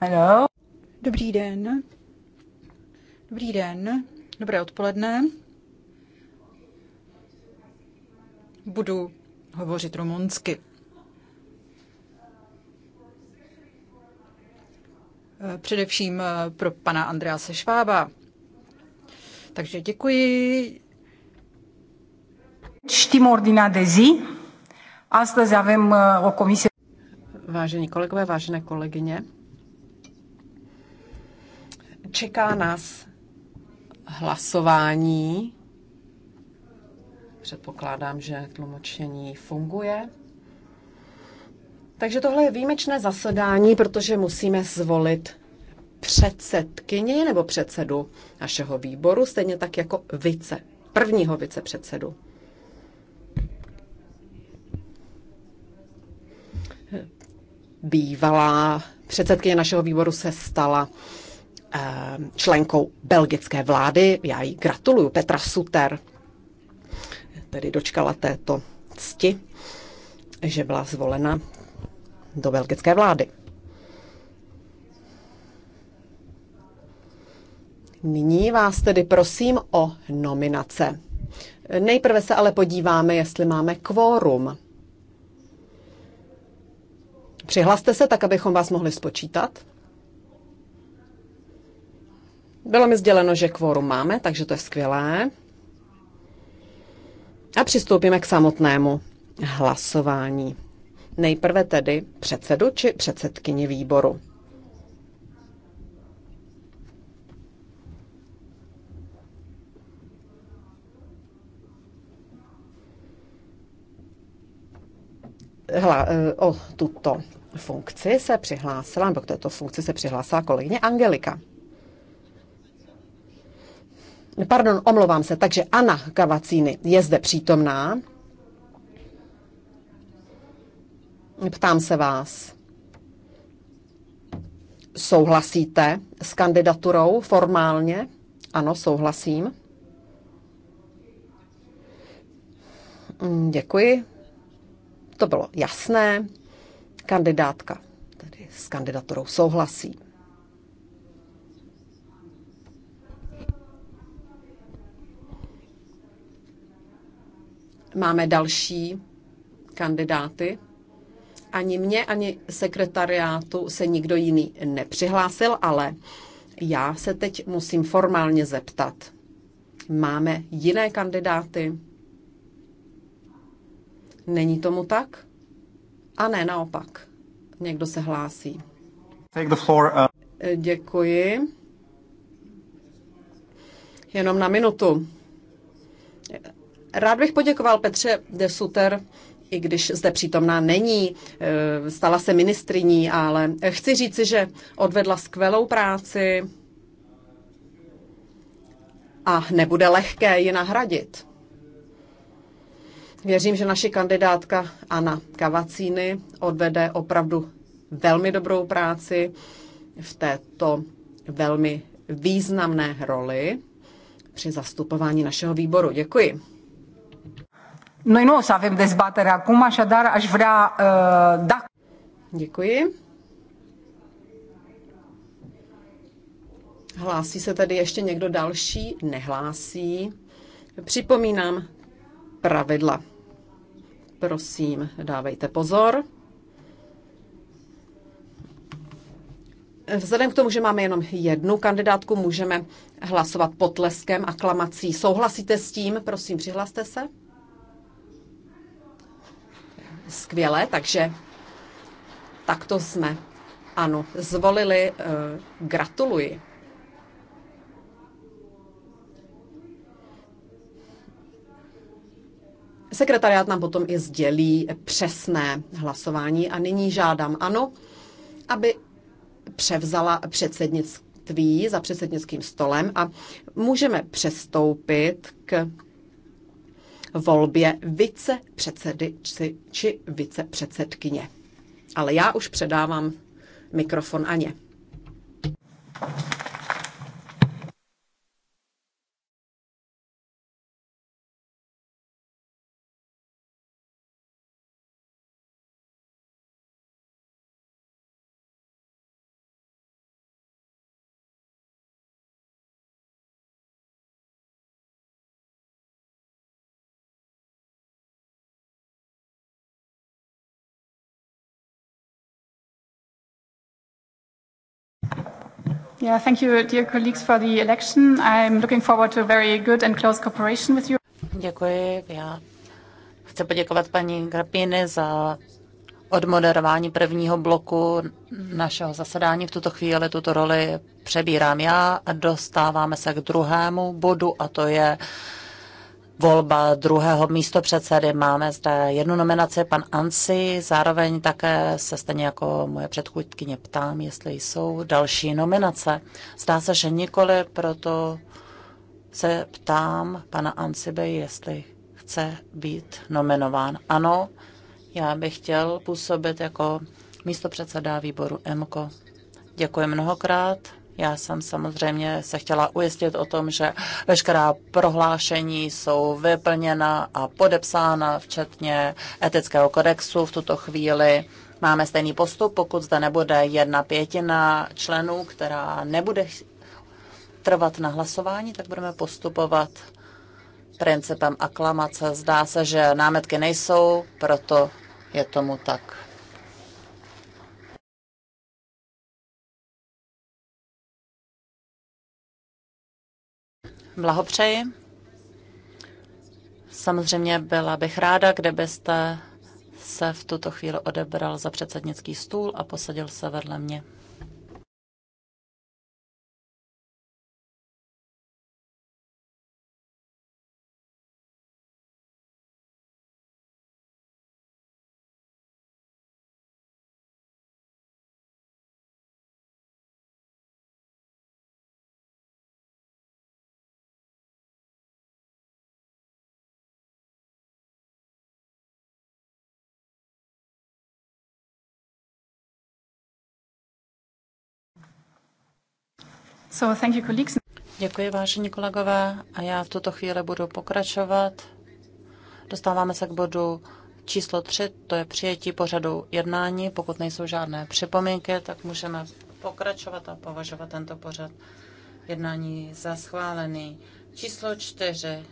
Hello. Dobrý den. Dobrý den. Dobré odpoledne. Budu hovořit rumunsky. Eh, především eh, pro pana Andrease Švába. Takže děkuji. Čtím ordina de zi. Astăzi avem eh, o comisie. Vážení kolegové, vážené kolegyně, Čeká nás hlasování. Předpokládám, že tlumočení funguje. Takže tohle je výjimečné zasedání, protože musíme zvolit předsedkyni nebo předsedu našeho výboru, stejně tak jako vice, prvního vicepředsedu. Bývalá předsedkyně našeho výboru se stala Eh, členkou belgické vlády. Já jí gratuluju, Petra Suter. Tedy dočkala této cti, že byla zvolena do belgické vlády. Nyní vás tedy prosím o nominace. Nejprve se ale podíváme, jestli máme kvórum. Přihlaste se tak, abychom vás mohli spočítat. Bylo mi sděleno, že kvorum máme, takže to je skvělé. A přistoupíme k samotnému hlasování. Nejprve tedy předsedu či předsedkyni výboru. Hla, eh, o tuto funkci se přihlásila, nebo k této funkci se přihlásila kolegyně Angelika. Pardon, omlouvám se. Takže Anna Kavacíny je zde přítomná. Ptám se vás. Souhlasíte s kandidaturou formálně? Ano, souhlasím. Mm, děkuji. To bylo jasné. Kandidátka tedy s kandidaturou souhlasí. Máme další kandidáty. Ani mě, ani sekretariátu se nikdo jiný nepřihlásil, ale já se teď musím formálně zeptat. Máme jiné kandidáty? Není tomu tak? A ne, naopak. Někdo se hlásí. Take the floor, uh... Děkuji. Jenom na minutu. Rád bych poděkoval Petře de Suter, i když zde přítomná není, eh, stala se ministriní, ale chci říci, že odvedla skvělou práci a nebude lehké ji nahradit. Věřím, že naši kandidátka Anna Kavacíny odvede opravdu velmi dobrou práci v této velmi významné roli při zastupování našeho výboru. Děkuji. Noi nu o să avem dezbatere acum, așadar aș vrea, uh, dacă... Děkuji. Hlásí se tady ještě někdo další? Nehlásí. Připomínám pravidla. Prosím, dávejte pozor. Vzhledem k tomu, že máme jenom jednu kandidátku, můžeme hlasovat potleskem a klamací. Souhlasíte s tím? Prosím, přihlaste se skvěle, takže takto jsme, ano, zvolili. Eh, gratuluji. Sekretariát nám potom i sdělí přesné hlasování a nyní žádám ano, aby převzala předsednictví za předsednickým stolem a můžeme přestoupit k volbě vicepředsedy či, či vicepředsedkyně. Ale já už předávám mikrofon Aně. Děkuji. Já chci poděkovat paní Grapini za odmoderování prvního bloku našeho zasedání. V tuto chvíli tuto roli přebírám já a dostáváme se k druhému bodu a to je uh, volba druhého místo předsedy. Máme zde jednu nominaci, pan Ansi, zároveň také se stejně jako moje předchůdkyně ptám, jestli jsou další nominace. Zdá se, že nikoli, proto se ptám pana Ansibe, jestli chce být nominován. Ano, já bych chtěl působit jako místo předseda výboru EMKO. Děkuji mnohokrát. Já jsem samozřejmě se chtěla ujistit o tom, že veškerá prohlášení jsou vyplněna a podepsána, včetně etického kodexu v tuto chvíli. Máme stejný postup, pokud zde nebude jedna pětina členů, která nebude trvat na hlasování, tak budeme postupovat principem aklamace. Zdá se, že námetky nejsou, proto je tomu tak. blahopřeji. Samozřejmě byla bych ráda, kdybyste se v tuto chvíli odebral za předsednický stůl a posadil se vedle mě. Děkuji, vážení kolegové, a já v tuto chvíli budu pokračovat. Dostáváme se k bodu číslo 3, to je přijetí pořadu jednání. Pokud nejsou žádné připomínky, tak můžeme pokračovat a považovat tento pořad jednání za schválený. Číslo 4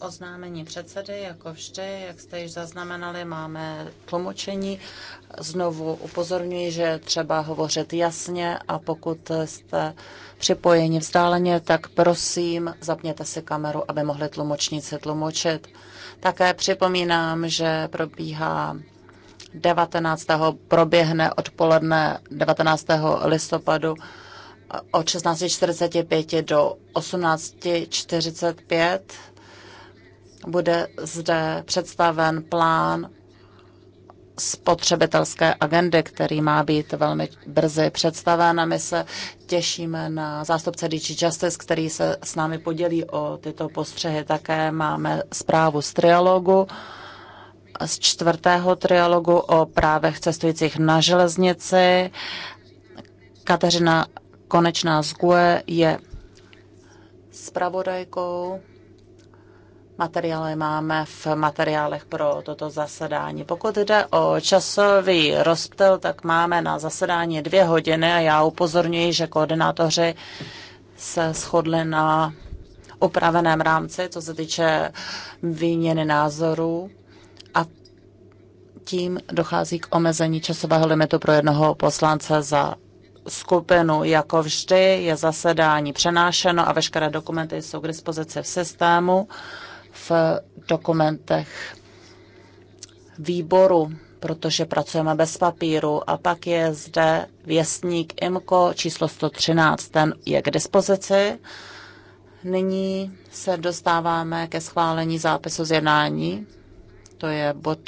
oznámení předsedy, jako vždy, jak jste již zaznamenali, máme tlumočení. Znovu upozorňuji, že třeba hovořit jasně a pokud jste připojeni vzdáleně, tak prosím, zapněte si kameru, aby mohli tlumočníci tlumočit. Také připomínám, že probíhá 19. proběhne odpoledne 19. listopadu od 16.45 do 18.45 bude zde představen plán spotřebitelské agendy, který má být velmi brzy představen a my se těšíme na zástupce DG Justice, který se s námi podělí o tyto postřehy. Také máme zprávu z trialogu, z čtvrtého trialogu o právech cestujících na železnici. Kateřina Konečná z GUE je zpravodajkou materiály máme v materiálech pro toto zasedání. Pokud jde o časový rozptyl, tak máme na zasedání dvě hodiny a já upozorňuji, že koordinátoři se shodli na upraveném rámci, co se týče výměny názorů a tím dochází k omezení časového limitu pro jednoho poslance za skupinu. Jako vždy je zasedání přenášeno a veškeré dokumenty jsou k dispozici v systému v dokumentech výboru, protože pracujeme bez papíru. A pak je zde věstník IMCO číslo 113, ten je k dispozici. Nyní se dostáváme ke schválení zápisu z jednání. To je bod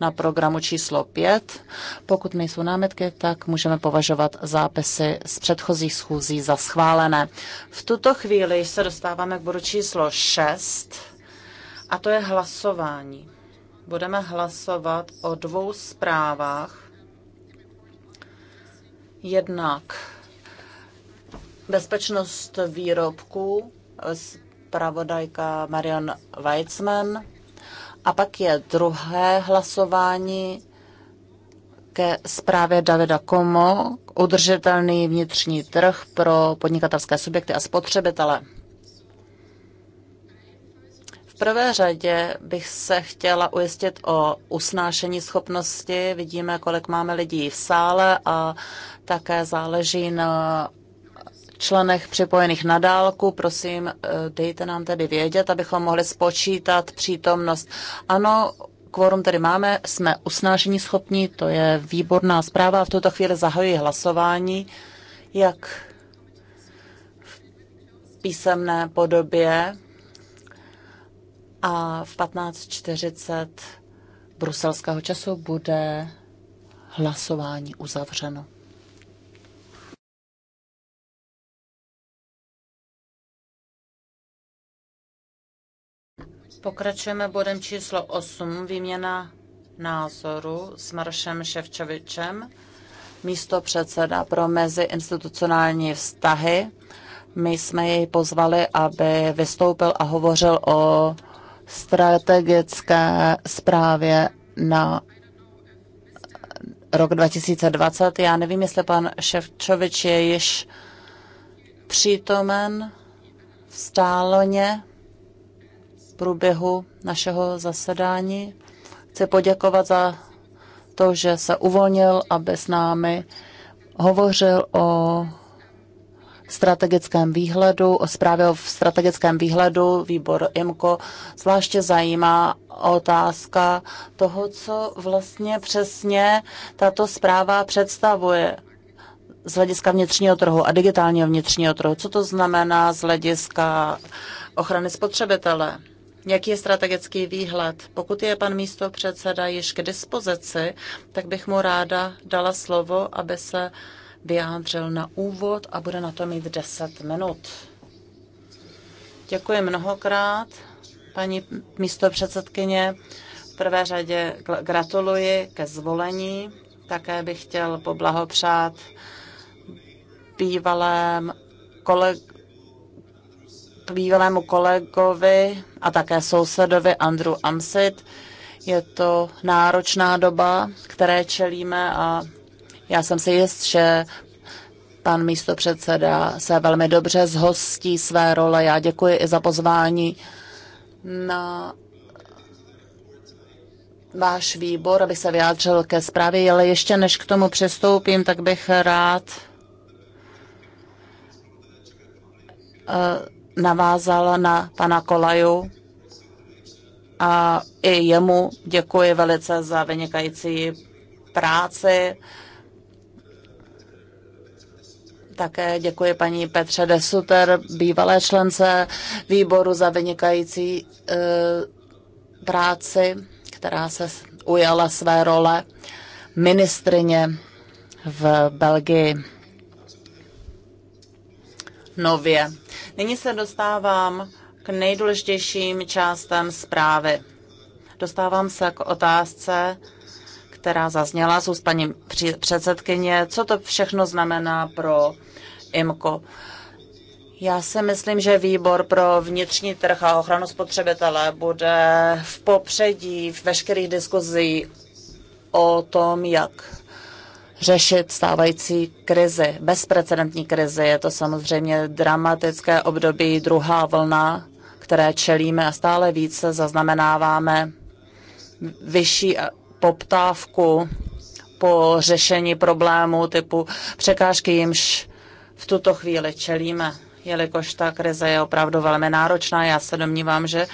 na programu číslo 5. Pokud nejsou námitky, tak můžeme považovat zápisy z předchozích schůzí za schválené. V tuto chvíli se dostáváme k bodu číslo 6 a to je hlasování. Budeme hlasovat o dvou zprávách. Jednak bezpečnost výrobků, zpravodajka Marion Weizmann. A pak je druhé hlasování ke zprávě Davida Komo, udržitelný vnitřní trh pro podnikatelské subjekty a spotřebitele prvé řadě bych se chtěla ujistit o usnášení schopnosti. Vidíme, kolik máme lidí v sále a také záleží na členech připojených na dálku. Prosím, eh, dejte nám tedy vědět, abychom mohli spočítat přítomnost. Ano, kvorum tedy máme, jsme usnášení schopní, to je výborná zpráva. V tuto chvíli zahajuji hlasování, jak v písemné podobě a v 15.40 bruselského času bude hlasování uzavřeno. Pokračujeme bodem číslo 8, výměna názoru s Maršem Ševčovičem, místo předseda pro meziinstitucionální vztahy. My jsme jej pozvali, aby vystoupil a hovořil o strategické zprávě na rok 2020. Já nevím, jestli pan Ševčovič je již přítomen v stáloně v průběhu našeho zasedání. Chci poděkovat za to, že se uvolnil, aby s námi hovořil o strategickém výhledu, o zprávě o strategickém výhledu výbor IMCO zvláště zajímá otázka toho, co vlastně přesně tato zpráva představuje z hlediska vnitřního trhu a digitálního vnitřního trhu. Co to znamená z hlediska ochrany spotřebitele? Jaký je strategický výhled? Pokud je pan místo předseda již k dispozici, tak bych mu ráda dala slovo, aby se vyjádřil na úvod a bude na to mít 10 minut. Děkuji mnohokrát, paní místopředsedkyně. V prvé řadě gratuluji ke zvolení. Také bych chtěl poblahopřát bývalém koleg, bývalému kolegovi a také sousedovi Andru Amsit. Je to náročná doba, které čelíme a já jsem si jist, že pan předseda se velmi dobře zhostí své role. Já děkuji i za pozvání na váš výbor, aby se vyjádřil ke zprávě, ale ještě než k tomu přistoupím, tak bych rád eh, navázal na pana Kolaju a i jemu děkuji velice za vynikající práci také děkuji paní Petře Desuter, bývalé člence výboru za vynikající e, práci, která se ujala své role ministrině v Belgii nově. Nyní se dostávám k nejdůležitějším částem zprávy. Dostávám se k otázce, která zazněla z úst paní předsedkyně, co to všechno znamená pro IMCO. Já si myslím, že výbor pro vnitřní trh a ochranu spotřebitele bude v popředí v veškerých diskuzí o tom, jak řešit stávající krizi, bezprecedentní krizi. Je to samozřejmě dramatické období, druhá vlna, které čelíme a stále více zaznamenáváme vyšší poptávku po řešení problémů typu překážky, jimž v tuto chvíli čelíme, jelikož ta krize je opravdu velmi náročná. Já se domnívám, že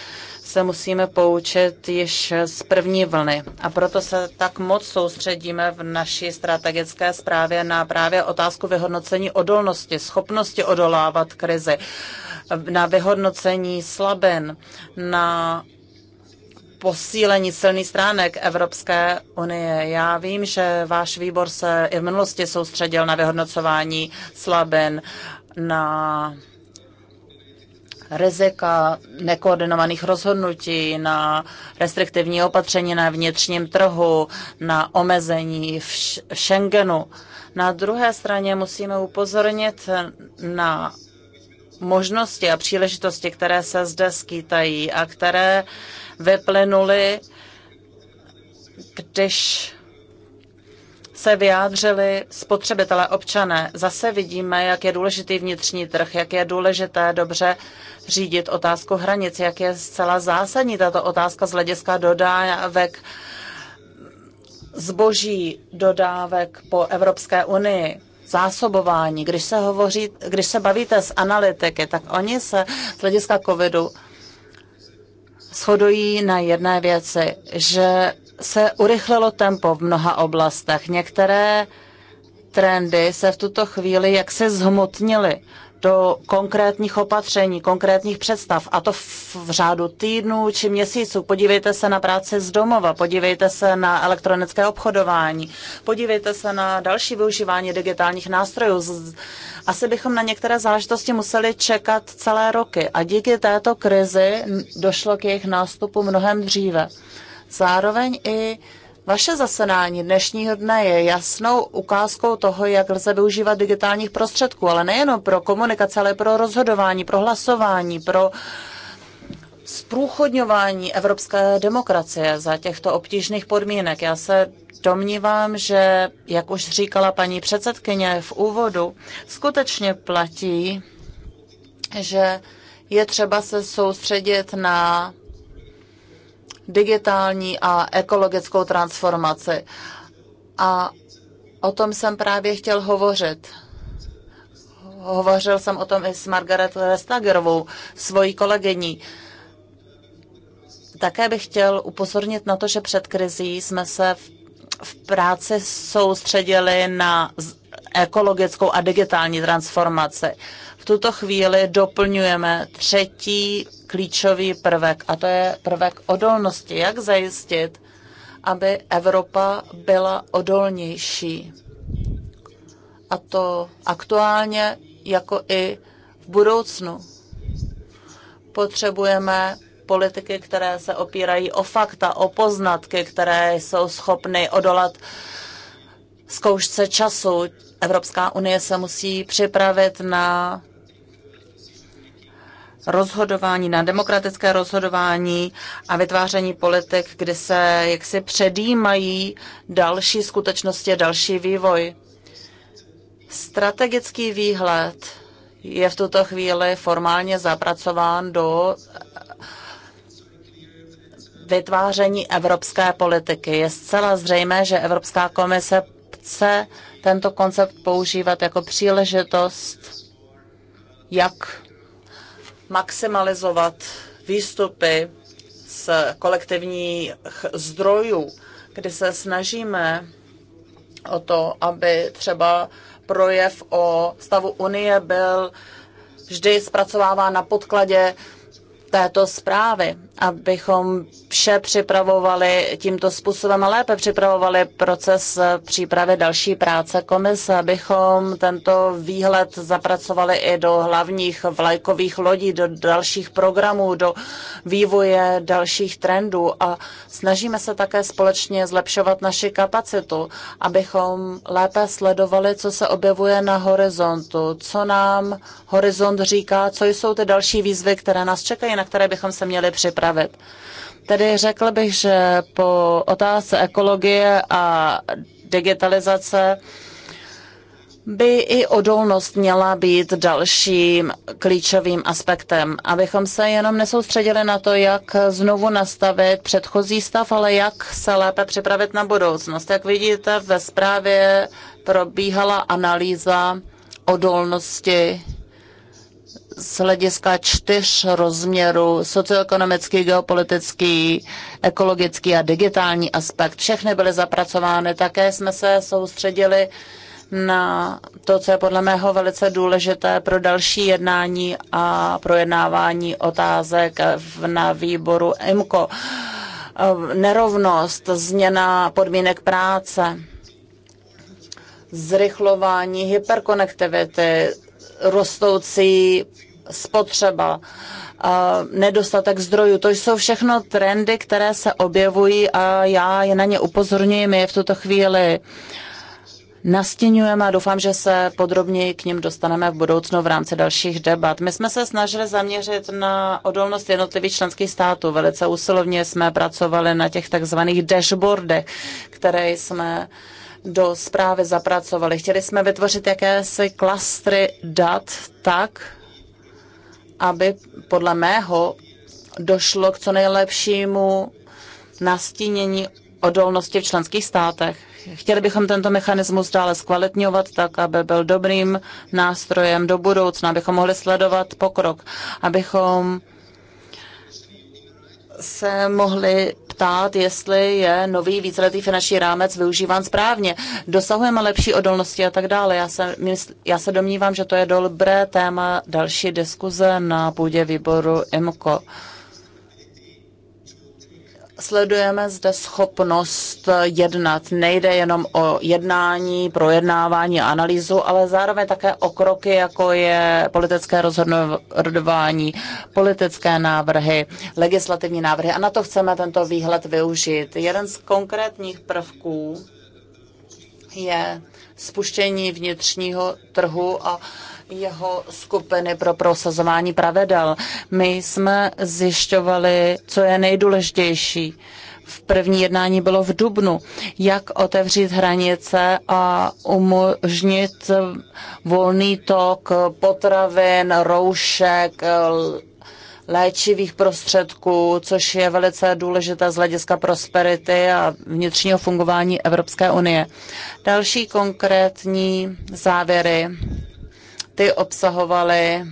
se musíme poučit již z první vlny. A proto se tak moc soustředíme v naší strategické zprávě na právě otázku vyhodnocení odolnosti, schopnosti odolávat krizi, na vyhodnocení slabin, na posílení silných stránek Evropské unie. Já vím, že váš výbor se i v minulosti soustředil na vyhodnocování slabin, na rizika nekoordinovaných rozhodnutí, na restriktivní opatření na vnitřním trhu, na omezení v Schengenu. Na druhé straně musíme upozornit na možnosti a příležitosti, které se zde skýtají a které vyplynuly, když se vyjádřili spotřebitelé, občané. Zase vidíme, jak je důležitý vnitřní trh, jak je důležité dobře řídit otázku hranic, jak je zcela zásadní tato otázka z hlediska dodávek zboží dodávek po Evropské unii zásobování. Když se, hovoří, když se bavíte s analytiky, tak oni se z hlediska covidu shodují na jedné věci, že se urychlilo tempo v mnoha oblastech. Některé trendy se v tuto chvíli jaksi zhmotnily do konkrétních opatření, konkrétních představ, a to v řádu týdnů či měsíců. Podívejte se na práci z domova, podívejte se na elektronické obchodování, podívejte se na další využívání digitálních nástrojů. Asi bychom na některé záležitosti museli čekat celé roky a díky této krizi došlo k jejich nástupu mnohem dříve. Zároveň i vaše zasedání dnešního dne je jasnou ukázkou toho, jak lze využívat digitálních prostředků, ale nejenom pro komunikaci, ale pro rozhodování, pro hlasování, pro zprůchodňování evropské demokracie za těchto obtížných podmínek. Já se domnívám, že, jak už říkala paní předsedkyně v úvodu, skutečně platí, že je třeba se soustředit na digitální a ekologickou transformaci. A o tom jsem právě chtěl hovořit. Hovořil jsem o tom i s Margaret Vestagerovou, svojí kolegyní. Také bych chtěl upozornit na to, že před krizí jsme se v, v práci soustředili na ekologickou a digitální transformaci tuto chvíli doplňujeme třetí klíčový prvek, a to je prvek odolnosti. Jak zajistit, aby Evropa byla odolnější? A to aktuálně, jako i v budoucnu. Potřebujeme politiky, které se opírají o fakta, o poznatky, které jsou schopny odolat zkoušce času. Evropská unie se musí připravit na rozhodování, na demokratické rozhodování a vytváření politik, kde se jaksi předjímají další skutečnosti, další vývoj. Strategický výhled je v tuto chvíli formálně zapracován do vytváření evropské politiky. Je zcela zřejmé, že Evropská komise chce tento koncept používat jako příležitost, jak maximalizovat výstupy z kolektivních zdrojů, kdy se snažíme o to, aby třeba projev o stavu Unie byl vždy zpracováván na podkladě této zprávy abychom vše připravovali tímto způsobem a lépe připravovali proces přípravy další práce komise, abychom tento výhled zapracovali i do hlavních vlajkových lodí, do dalších programů, do vývoje dalších trendů a snažíme se také společně zlepšovat naši kapacitu, abychom lépe sledovali, co se objevuje na horizontu, co nám horizont říká, co jsou ty další výzvy, které nás čekají, na které bychom se měli připravit připravit. Tedy řekl bych, že po otázce ekologie a digitalizace by i odolnost měla být dalším klíčovým aspektem, abychom se jenom nesoustředili na to, jak znovu nastavit předchozí stav, ale jak se lépe připravit na budoucnost. Jak vidíte, ve zprávě probíhala analýza odolnosti z hlediska čtyř rozměrů, socioekonomický, geopolitický, ekologický a digitální aspekt. Všechny byly zapracovány. Také jsme se soustředili na to, co je podle mého velice důležité pro další jednání a projednávání otázek na výboru IMCO. Nerovnost, změna podmínek práce, zrychlování hyperkonektivity, rostoucí spotřeba, nedostatek zdrojů. To jsou všechno trendy, které se objevují a já je na ně upozorňuji. My je v tuto chvíli nastěňujeme a doufám, že se podrobněji k ním dostaneme v budoucnu v rámci dalších debat. My jsme se snažili zaměřit na odolnost jednotlivých členských států. Velice úsilovně jsme pracovali na těch takzvaných dashboardech, které jsme do zprávy zapracovali. Chtěli jsme vytvořit jakési klastry dat tak, aby podle mého došlo k co nejlepšímu nastínění odolnosti v členských státech. Chtěli bychom tento mechanismus dále zkvalitňovat tak, aby byl dobrým nástrojem do budoucna, abychom mohli sledovat pokrok, abychom se mohli ptát, jestli je nový víceletý finanční rámec využíván správně. Dosahujeme lepší odolnosti a tak dále. Já se, mysl, já se domnívám, že to je dobré téma další diskuze na půdě výboru IMCO sledujeme zde schopnost jednat. Nejde jenom o jednání, projednávání analýzu, ale zároveň také o kroky, jako je politické rozhodování, politické návrhy, legislativní návrhy. A na to chceme tento výhled využít. Jeden z konkrétních prvků je spuštění vnitřního trhu a jeho skupiny pro prosazování pravidel. My jsme zjišťovali, co je nejdůležitější. V první jednání bylo v Dubnu, jak otevřít hranice a umožnit volný tok potravin, roušek, léčivých prostředků, což je velice důležité z hlediska prosperity a vnitřního fungování Evropské unie. Další konkrétní závěry ty obsahovaly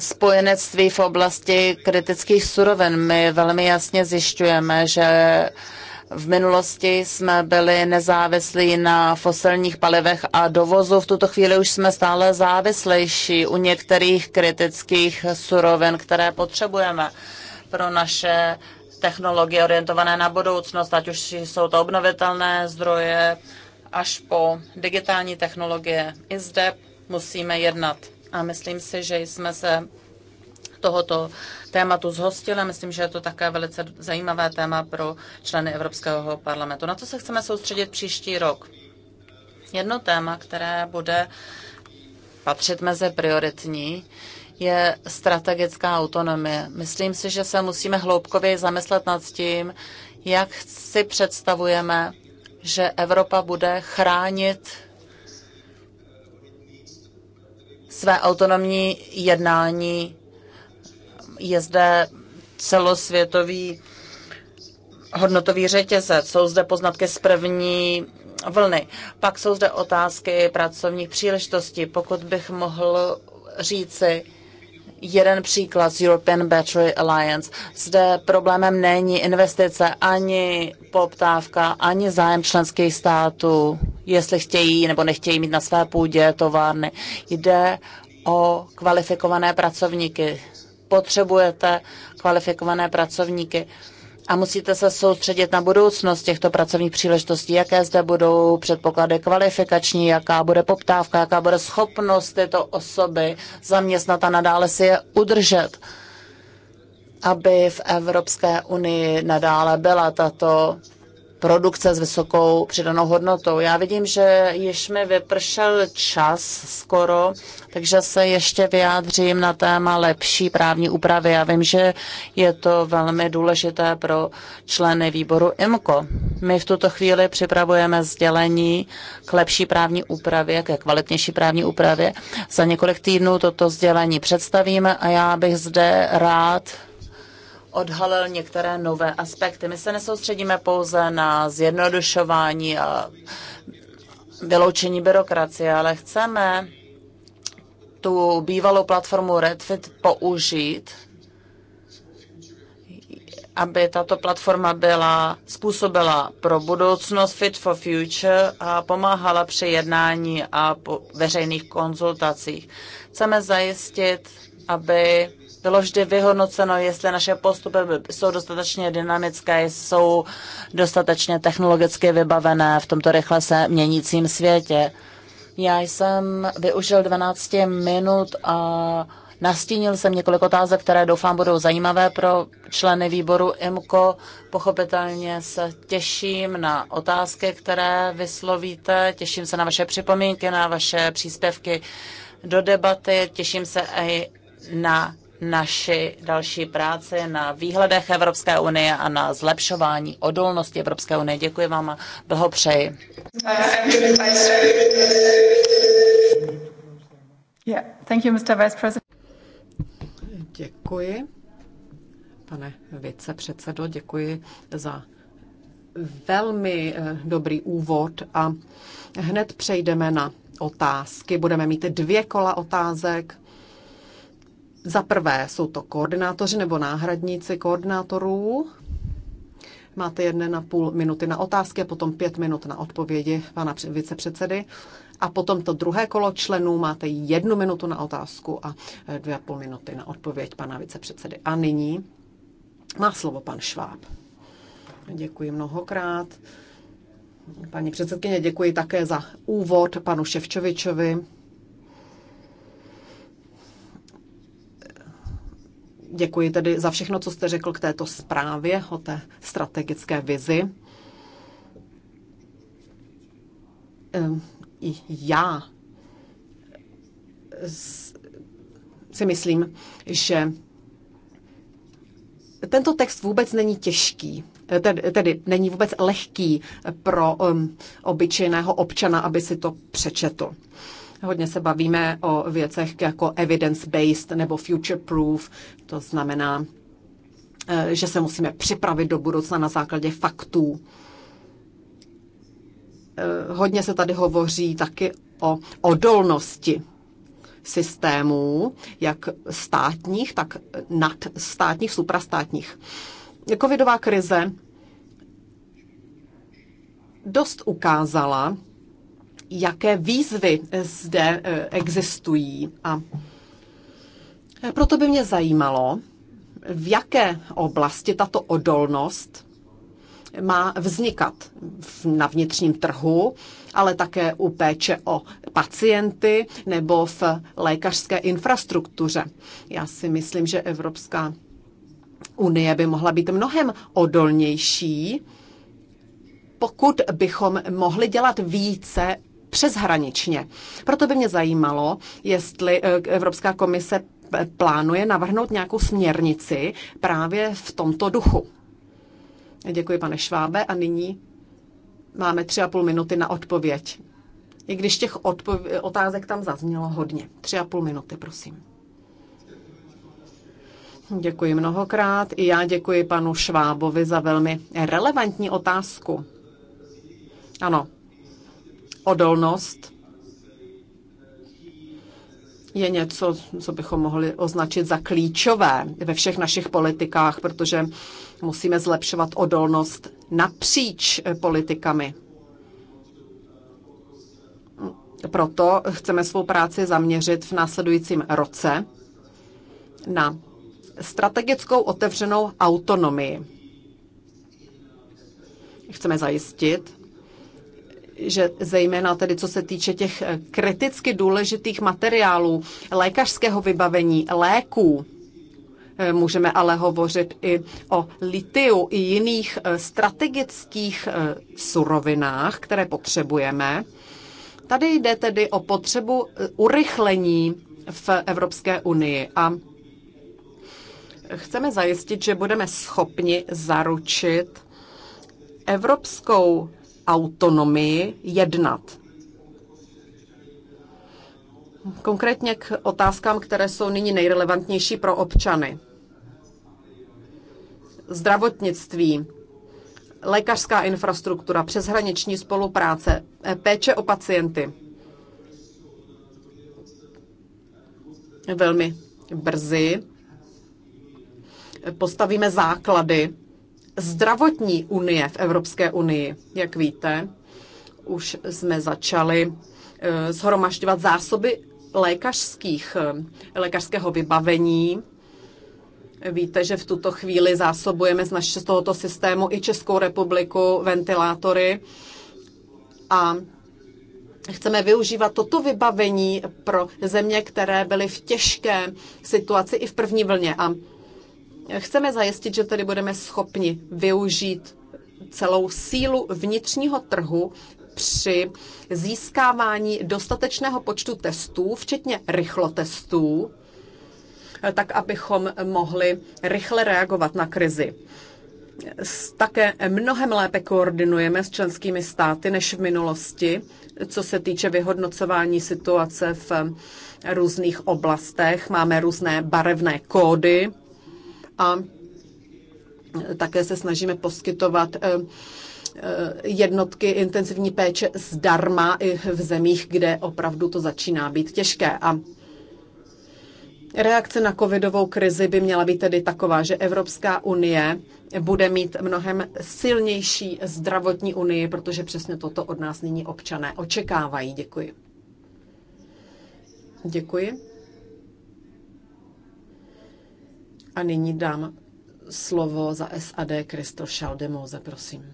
spojenectví v oblasti kritických surovin. My velmi jasně zjišťujeme, že v minulosti jsme byli nezávislí na fosilních palivech a dovozu. V tuto chvíli už jsme stále závislejší u některých kritických surovin, které potřebujeme pro naše technologie orientované na budoucnost, ať už jsou to obnovitelné zdroje, až po digitální technologie. I zde musíme jednat. A myslím si, že jsme se tohoto tématu zhostili. Myslím, že je to také velice zajímavé téma pro členy Evropského parlamentu. Na co se chceme soustředit příští rok? Jedno téma, které bude patřit mezi prioritní, je strategická autonomie. Myslím si, že se musíme hloubkově zamyslet nad tím, jak si představujeme že Evropa bude chránit své autonomní jednání. Je zde celosvětový hodnotový řetězec, jsou zde poznatky z první vlny. Pak jsou zde otázky pracovních příležitostí. Pokud bych mohl říci, jeden příklad z European Battery Alliance. Zde problémem není investice, ani poptávka, ani zájem členských států, jestli chtějí nebo nechtějí mít na své půdě továrny. Jde o kvalifikované pracovníky. Potřebujete kvalifikované pracovníky a musíte se soustředit na budoucnost těchto pracovních příležitostí, jaké zde budou předpoklady kvalifikační, jaká bude poptávka, jaká bude schopnost této osoby zaměstnat a nadále si je udržet, aby v Evropské unii nadále byla tato produkce s vysokou přidanou hodnotou. Já vidím, že již mi vypršel čas skoro, takže se ještě vyjádřím na téma lepší právní úpravy. Já vím, že je to velmi důležité pro členy výboru IMCO. My v tuto chvíli připravujeme sdělení k lepší právní úpravě, ke kvalitnější právní úpravě. Za několik týdnů toto sdělení představíme a já bych zde rád odhalil některé nové aspekty. My se nesoustředíme pouze na zjednodušování a vyloučení byrokracie, ale chceme tu bývalou platformu Redfit použít, aby tato platforma byla způsobila pro budoucnost Fit for Future a pomáhala při jednání a po veřejných konzultacích. Chceme zajistit, aby bylo vždy vyhodnoceno, jestli naše postupy jsou dostatečně dynamické, jsou dostatečně technologicky vybavené v tomto rychle se měnícím světě. Já jsem využil 12 minut a Nastínil jsem několik otázek, které doufám budou zajímavé pro členy výboru IMCO. Pochopitelně se těším na otázky, které vyslovíte, těším se na vaše připomínky, na vaše příspěvky do debaty, těším se i na naši další práci na výhledech Evropské unie a na zlepšování odolnosti Evropské unie. Děkuji vám a blahopřeji. Děkuji, pane vicepředsedo, děkuji za velmi eh, dobrý úvod a hned přejdeme na otázky. Budeme mít dvě kola otázek za prvé jsou to koordinátoři nebo náhradníci koordinátorů. Máte jedné na půl minuty na otázky, potom pět minut na odpovědi pana vicepředsedy. A potom to druhé kolo členů máte jednu minutu na otázku a eh, dvě a půl minuty na odpověď pana vicepředsedy. A nyní má slovo pan Šváb. Děkuji mnohokrát. Paní předsedkyně, děkuji také za úvod panu Ševčovičovi. Děkuji tedy za všechno, co jste řekl k této zprávě o té strategické vizi. Ehm, já si myslím, že tento text vůbec není těžký, eh, tedy, není vůbec lehký pro ehm, obyčejného občana, aby si to přečetl. Hodně se bavíme o věcech jako evidence-based nebo future-proof, to znamená, eh, že se musíme připravit do budoucna na základě faktů. Eh, hodně se tady hovoří taky o odolnosti systémů, jak státních, tak nadstátních, suprastátních. Covidová krize dost ukázala, jaké výzvy zde eh, existují. A proto by mě zajímalo, v jaké oblasti tato odolnost má vznikat na vnitřním trhu, ale také u péče o pacienty nebo v lékařské infrastruktuře. Já si myslím, že Evropská unie by mohla být mnohem odolnější, pokud bychom mohli dělat více přeshraničně. Proto by mě zajímalo, jestli eh, Evropská komise plánuje navrhnout nějakou směrnici právě v tomto duchu. Děkuji, pane Švábe, a nyní máme tři a půl minuty na odpověď. I když těch otázek tam zaznělo hodně. Tři a půl minuty, prosím. Děkuji mnohokrát. I já děkuji panu Švábovi za velmi relevantní otázku. Ano, odolnost je něco, co bychom mohli označit za klíčové ve všech našich politikách, protože musíme zlepšovat odolnost napříč eh, politikami. Proto chceme svou práci zaměřit v následujícím roce na strategickou otevřenou autonomii. Chceme zajistit, že zejména tedy co se týče těch eh, kriticky důležitých materiálů, lékařského vybavení, léků, eh, Můžeme ale hovořit i o litiu i jiných eh, strategických surovinách, které potřebujeme. Tady jde tedy o potřebu urychlení v Evropské unii a chceme zajistit, že budeme schopni zaručit evropskou autonomii jednat. Konkrétně k otázkám, které jsou nyní nejrelevantnější pro občany. Zdravotnictví, lékařská infrastruktura, přeshraniční spolupráce, eh, péče o pacienty. Velmi brzy postavíme základy zdravotní unie v Evropské unii. Jak víte, už jsme začali zhromažďovat eh, zásoby lékařských, eh, lékařského vybavení. Víte, že v tuto chvíli zásobujeme z našeho tohoto systému i Českou republiku ventilátory a chceme využívat toto vybavení pro země, které byly v těžké situaci i v první vlně. A Chceme zajistit, že tedy budeme schopni využít celou sílu vnitřního trhu při získávání dostatečného počtu testů, včetně rychlotestů, tak abychom mohli rychle reagovat na krizi. Také mnohem lépe koordinujeme s členskými státy než v minulosti, co se týče vyhodnocování situace v různých oblastech. Máme různé barevné kódy, a také se snažíme poskytovat eh, eh, jednotky intenzivní péče zdarma i v zemích, kde opravdu to začíná být těžké. A reakce na covidovou krizi by měla být tedy taková, že Evropská unie bude mít mnohem silnější zdravotní unii, protože přesně toto od nás nyní občané očekávají. Děkuji. Děkuji. A nyní dám slovo za SAD Kristo Šaldemouze, prosím.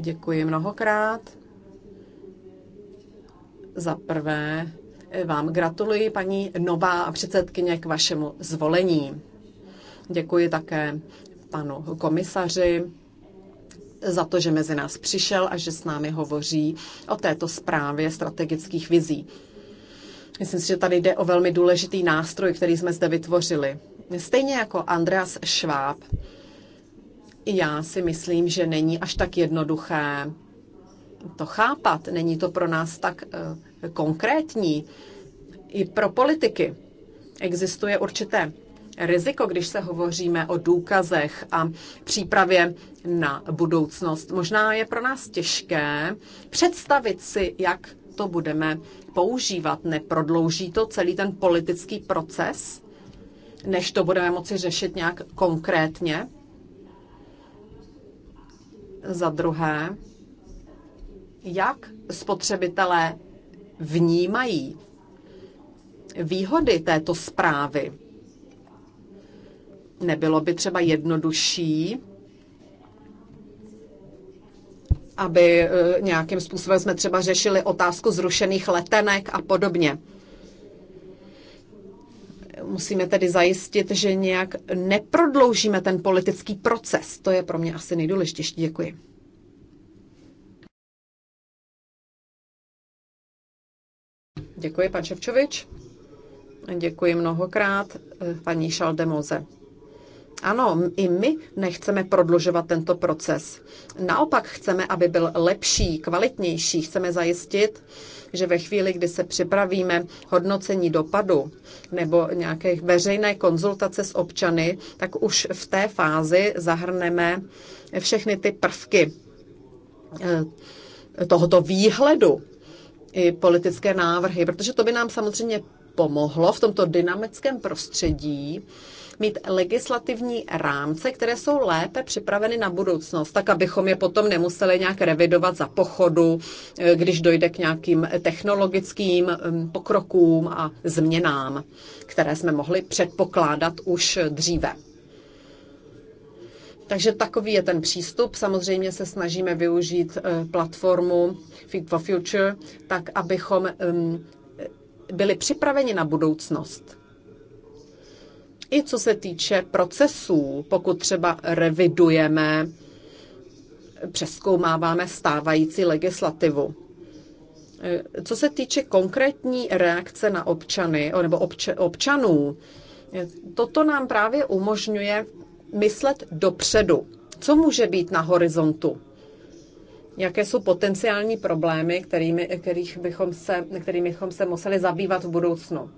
Děkuji mnohokrát. Za prvé eh, vám gratuluji, paní nová předsedkyně, k vašemu zvolení. Děkuji také panu komisaři za to, že mezi nás přišel a že s námi hovoří o této zprávě strategických vizí. Myslím si, že tady jde o velmi důležitý nástroj, který jsme zde vytvořili. Stejně jako Andreas Schwab, já si myslím, že není až tak jednoduché to chápat. Není to pro nás tak eh, konkrétní. I pro politiky existuje určité riziko, když se hovoříme o důkazech a přípravě na budoucnost. Možná je pro nás těžké představit si, jak to budeme používat? Neprodlouží to celý ten politický proces, než to budeme moci řešit nějak konkrétně? Za druhé, jak spotřebitelé vnímají výhody této zprávy? Nebylo by třeba jednodušší aby e, nějakým způsobem jsme třeba řešili otázku zrušených letenek a podobně. Musíme tedy zajistit, že nějak neprodloužíme ten politický proces. To je pro mě asi nejdůležitější. Děkuji. Děkuji, pan Ševčovič. Děkuji mnohokrát, e, paní Šaldemoze. Ano, i my nechceme prodlužovat tento proces. Naopak chceme, aby byl lepší, kvalitnější. Chceme zajistit, že ve chvíli, kdy se připravíme hodnocení dopadu nebo nějaké veřejné konzultace s občany, tak už v té fázi zahrneme všechny ty prvky eh, tohoto výhledu i politické návrhy, protože to by nám samozřejmě pomohlo v tomto dynamickém prostředí mít legislativní rámce, které jsou lépe připraveny na budoucnost, tak abychom je potom nemuseli nějak revidovat za pochodu, eh, když dojde k nějakým technologickým mm, pokrokům a změnám, které jsme mohli předpokládat už dříve. Takže takový je ten přístup. Samozřejmě se snažíme využít eh, platformu Fit for Future, tak abychom mm, byli připraveni na budoucnost. I co se týče procesů, pokud třeba revidujeme, přeskoumáváme stávající legislativu. Eh, co se týče konkrétní reakce na občany nebo obč- občanů, eh, toto nám právě umožňuje myslet dopředu. Co může být na horizontu? Jaké jsou potenciální problémy, kterými, kterých bychom se, kterými bychom se museli zabývat v budoucnu?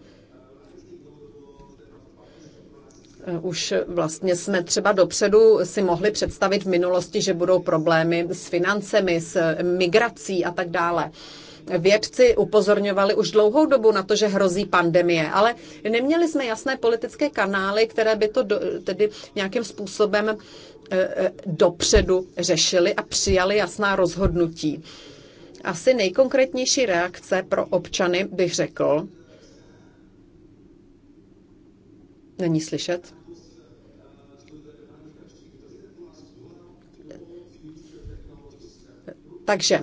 Eh, už vlastně jsme třeba dopředu si mohli představit v minulosti, že budou problémy s financemi, s eh, migrací a tak dále. Vědci upozorňovali už dlouhou dobu na to, že hrozí pandemie, ale neměli jsme jasné politické kanály, které by to do, tedy nějakým způsobem eh, dopředu řešili a přijali jasná rozhodnutí. Asi nejkonkrétnější reakce pro občany bych řekl. Není slyšet? Takže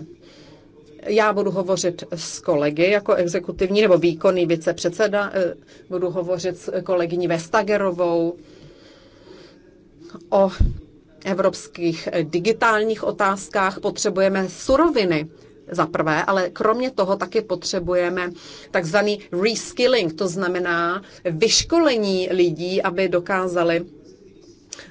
já budu hovořit s kolegy jako exekutivní nebo výkonný vicepředseda, eh, budu hovořit s kolegyní Vestagerovou o evropských eh, digitálních otázkách. Potřebujeme suroviny za prvé, ale kromě toho taky potřebujeme takzvaný reskilling, to znamená vyškolení lidí, aby dokázali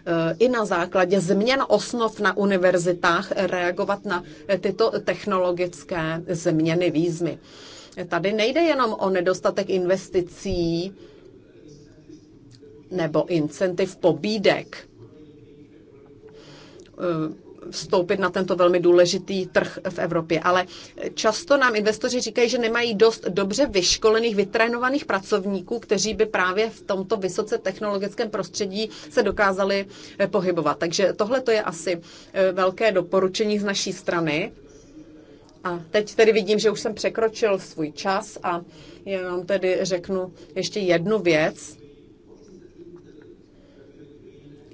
Eh, i na základě změn osnov na univerzitách reagovat na tyto technologické změny výzmy. Tady nejde jenom o nedostatek investicí nebo incentiv pobídek eh, vstoupit na tento velmi důležitý trh v Evropě. Ale často nám investoři říkají, že nemají dost dobře vyškolených, vytrénovaných pracovníků, kteří by právě v tomto vysoce technologickém prostředí se dokázali eh, pohybovat. Takže tohle to je asi eh, velké doporučení z naší strany. A teď tedy vidím, že už jsem překročil svůj čas a jenom tedy řeknu ještě jednu věc.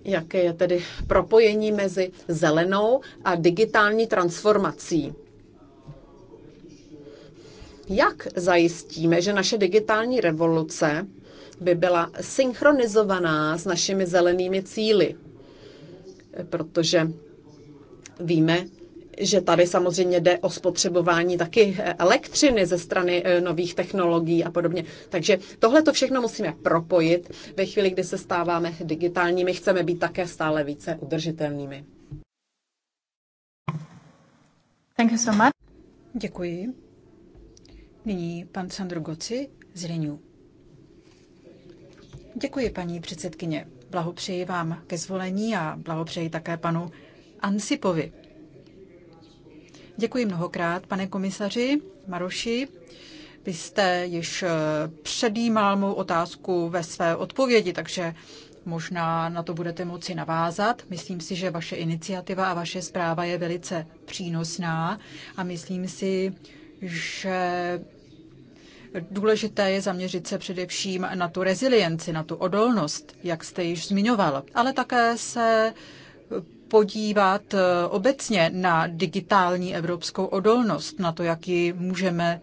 Jaké je tedy propojení mezi zelenou a digitální transformací? Jak zajistíme, že naše digitální revoluce by byla synchronizovaná s našimi zelenými cíly? Protože víme, že tady samozřejmě jde o spotřebování taky eh, elektřiny ze strany eh, nových technologií a podobně. Takže tohle to všechno musíme propojit ve chvíli, kdy se stáváme digitálními, chceme být také stále více udržitelnými. Thank you so much. Děkuji. Nyní pan Sandro Goci z Renew. Děkuji, paní předsedkyně. Blahopřeji vám ke zvolení a blahopřeji také panu Ansipovi. Děkuji mnohokrát, pane komisaři Maroši. Vy jste již eh, předjímal mou otázku ve své odpovědi, takže možná na to budete moci navázat. Myslím si, že vaše iniciativa a vaše zpráva je velice přínosná a myslím si, že důležité je zaměřit se především na tu rezilienci, na tu odolnost, jak jste již zmiňoval, ale také se podívat eh, obecně na digitální evropskou odolnost, na to, jak ji můžeme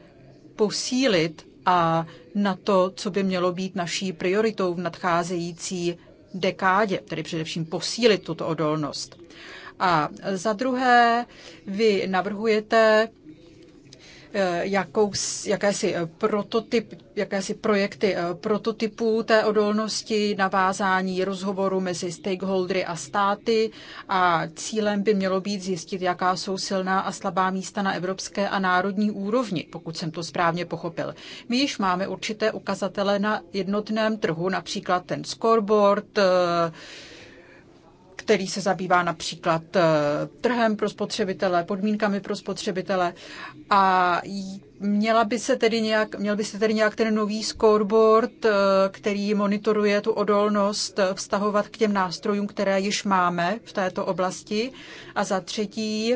posílit a na to, co by mělo být naší prioritou v nadcházející dekádě, tedy především posílit tuto odolnost. A za druhé, vy navrhujete Eh, jakou, jakési, eh, prototyp, jakési projekty eh, prototypů té odolnosti, navázání rozhovoru mezi stakeholdery a státy a cílem by mělo být zjistit, jaká jsou silná a slabá místa na evropské a národní úrovni, pokud jsem to správně pochopil. My již máme určité ukazatele na jednotném trhu, například ten scoreboard, který se zabývá například eh, trhem pro spotřebitele, podmínkami pro spotřebitele a měla by se tedy nějak, měl by se tedy nějak ten nový scoreboard, eh, který monitoruje tu odolnost, eh, vztahovat k těm nástrojům, které již máme v této oblasti. A za třetí,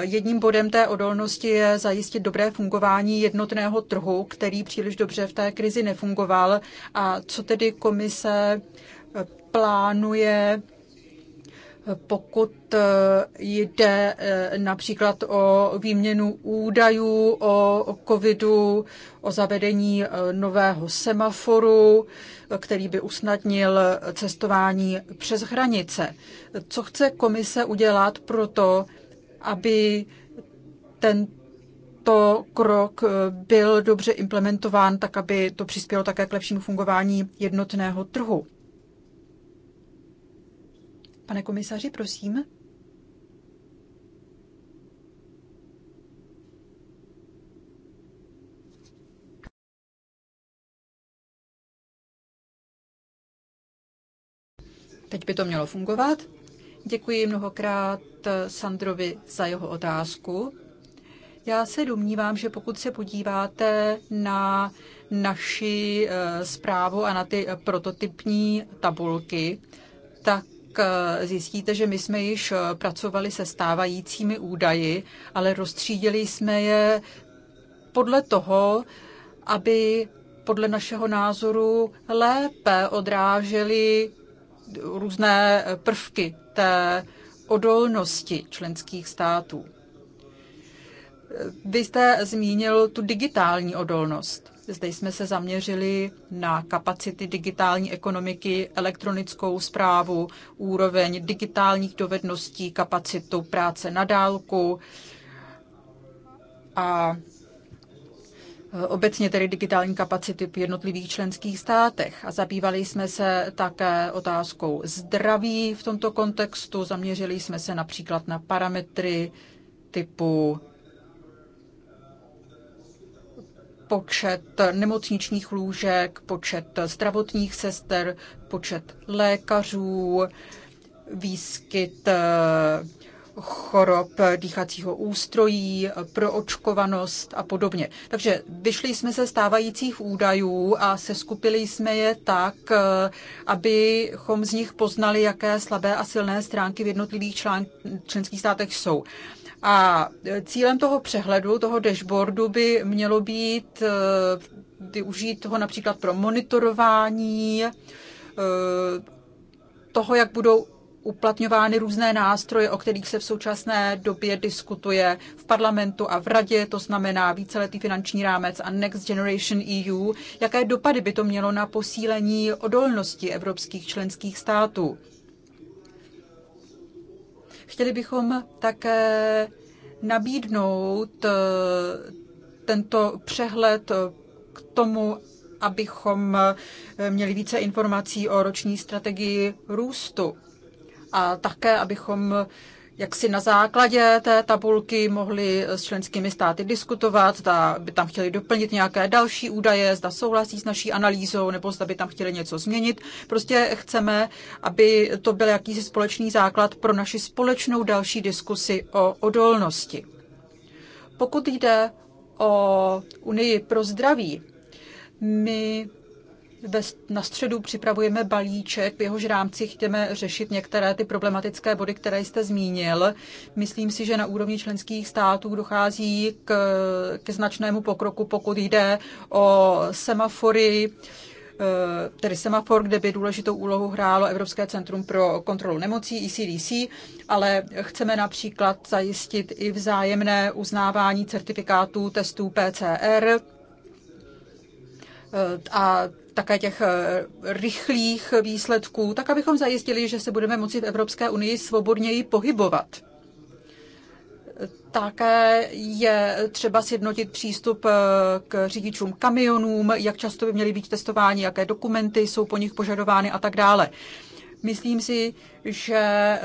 jedním bodem té odolnosti je zajistit dobré fungování jednotného trhu, který příliš dobře v té krizi nefungoval. A co tedy komise plánuje pokud e, jde e, například o výměnu údajů o covidu, o zavedení e, nového semaforu, který by usnadnil cestování přes hranice. Co chce komise udělat pro to, aby tento krok byl dobře implementován, tak aby to přispělo také k lepšímu fungování jednotného trhu? Pane komisaři, prosím. Teď by to mělo fungovat. Děkuji mnohokrát eh, Sandrovi za jeho otázku. Já se domnívám, že pokud se podíváte na naši eh, zprávu a na ty prototypní tabulky, tak Eh, zjistíte, že my jsme již eh, pracovali se stávajícími údaji, ale rozstřídili jsme je podle toho, aby podle našeho názoru lépe odrážely různé prvky té odolnosti členských států. Vy jste zmínil tu digitální odolnost. Zde jsme se zaměřili na kapacity digitální ekonomiky, elektronickou zprávu, úroveň digitálních dovedností, kapacitu práce na dálku a e, obecně tedy digitální kapacity v jednotlivých členských státech. A zabývali jsme se také otázkou zdraví v tomto kontextu. Zaměřili jsme se například na parametry typu počet nemocničních lůžek, počet zdravotních sester, počet lékařů, výskyt eh, chorob dýchacího ústrojí, proočkovanost a podobně. Takže vyšli jsme ze stávajících údajů a seskupili jsme je tak, eh, abychom z nich poznali, jaké slabé a silné stránky v jednotlivých člán, členských státech jsou. A cílem toho přehledu, toho dashboardu by mělo být eh, využít toho například pro monitorování eh, toho, jak budou uplatňovány různé nástroje, o kterých se v současné době diskutuje v parlamentu a v radě, to znamená víceletý finanční rámec a Next Generation EU. Jaké dopady by to mělo na posílení odolnosti evropských členských států? Chtěli bychom také nabídnout eh, tento přehled eh, k tomu, abychom eh, měli více informací o roční strategii růstu a také, abychom jak si na základě té tabulky mohli s členskými státy diskutovat, zda by tam chtěli doplnit nějaké další údaje, zda souhlasí s naší analýzou, nebo zda by tam chtěli něco změnit. Prostě chceme, aby to byl jakýsi společný základ pro naši společnou další diskusi o odolnosti. Pokud jde o Unii pro zdraví, my na středu připravujeme balíček, v jehož rámci chceme řešit některé ty problematické body, které jste zmínil. Myslím si, že na úrovni členských států dochází k, k značnému pokroku, pokud jde o semafory, eh, tedy semafor, kde by důležitou úlohu hrálo Evropské centrum pro kontrolu nemocí, ECDC, ale chceme například zajistit i vzájemné uznávání certifikátů testů PCR, eh, a také těch eh, rychlých výsledků, tak abychom zajistili, že se budeme moci v Evropské unii svobodněji pohybovat. Také je třeba sjednotit přístup eh, k řidičům kamionům, jak často by měly být testováni, jaké dokumenty jsou po nich požadovány a tak dále. Myslím si, že eh,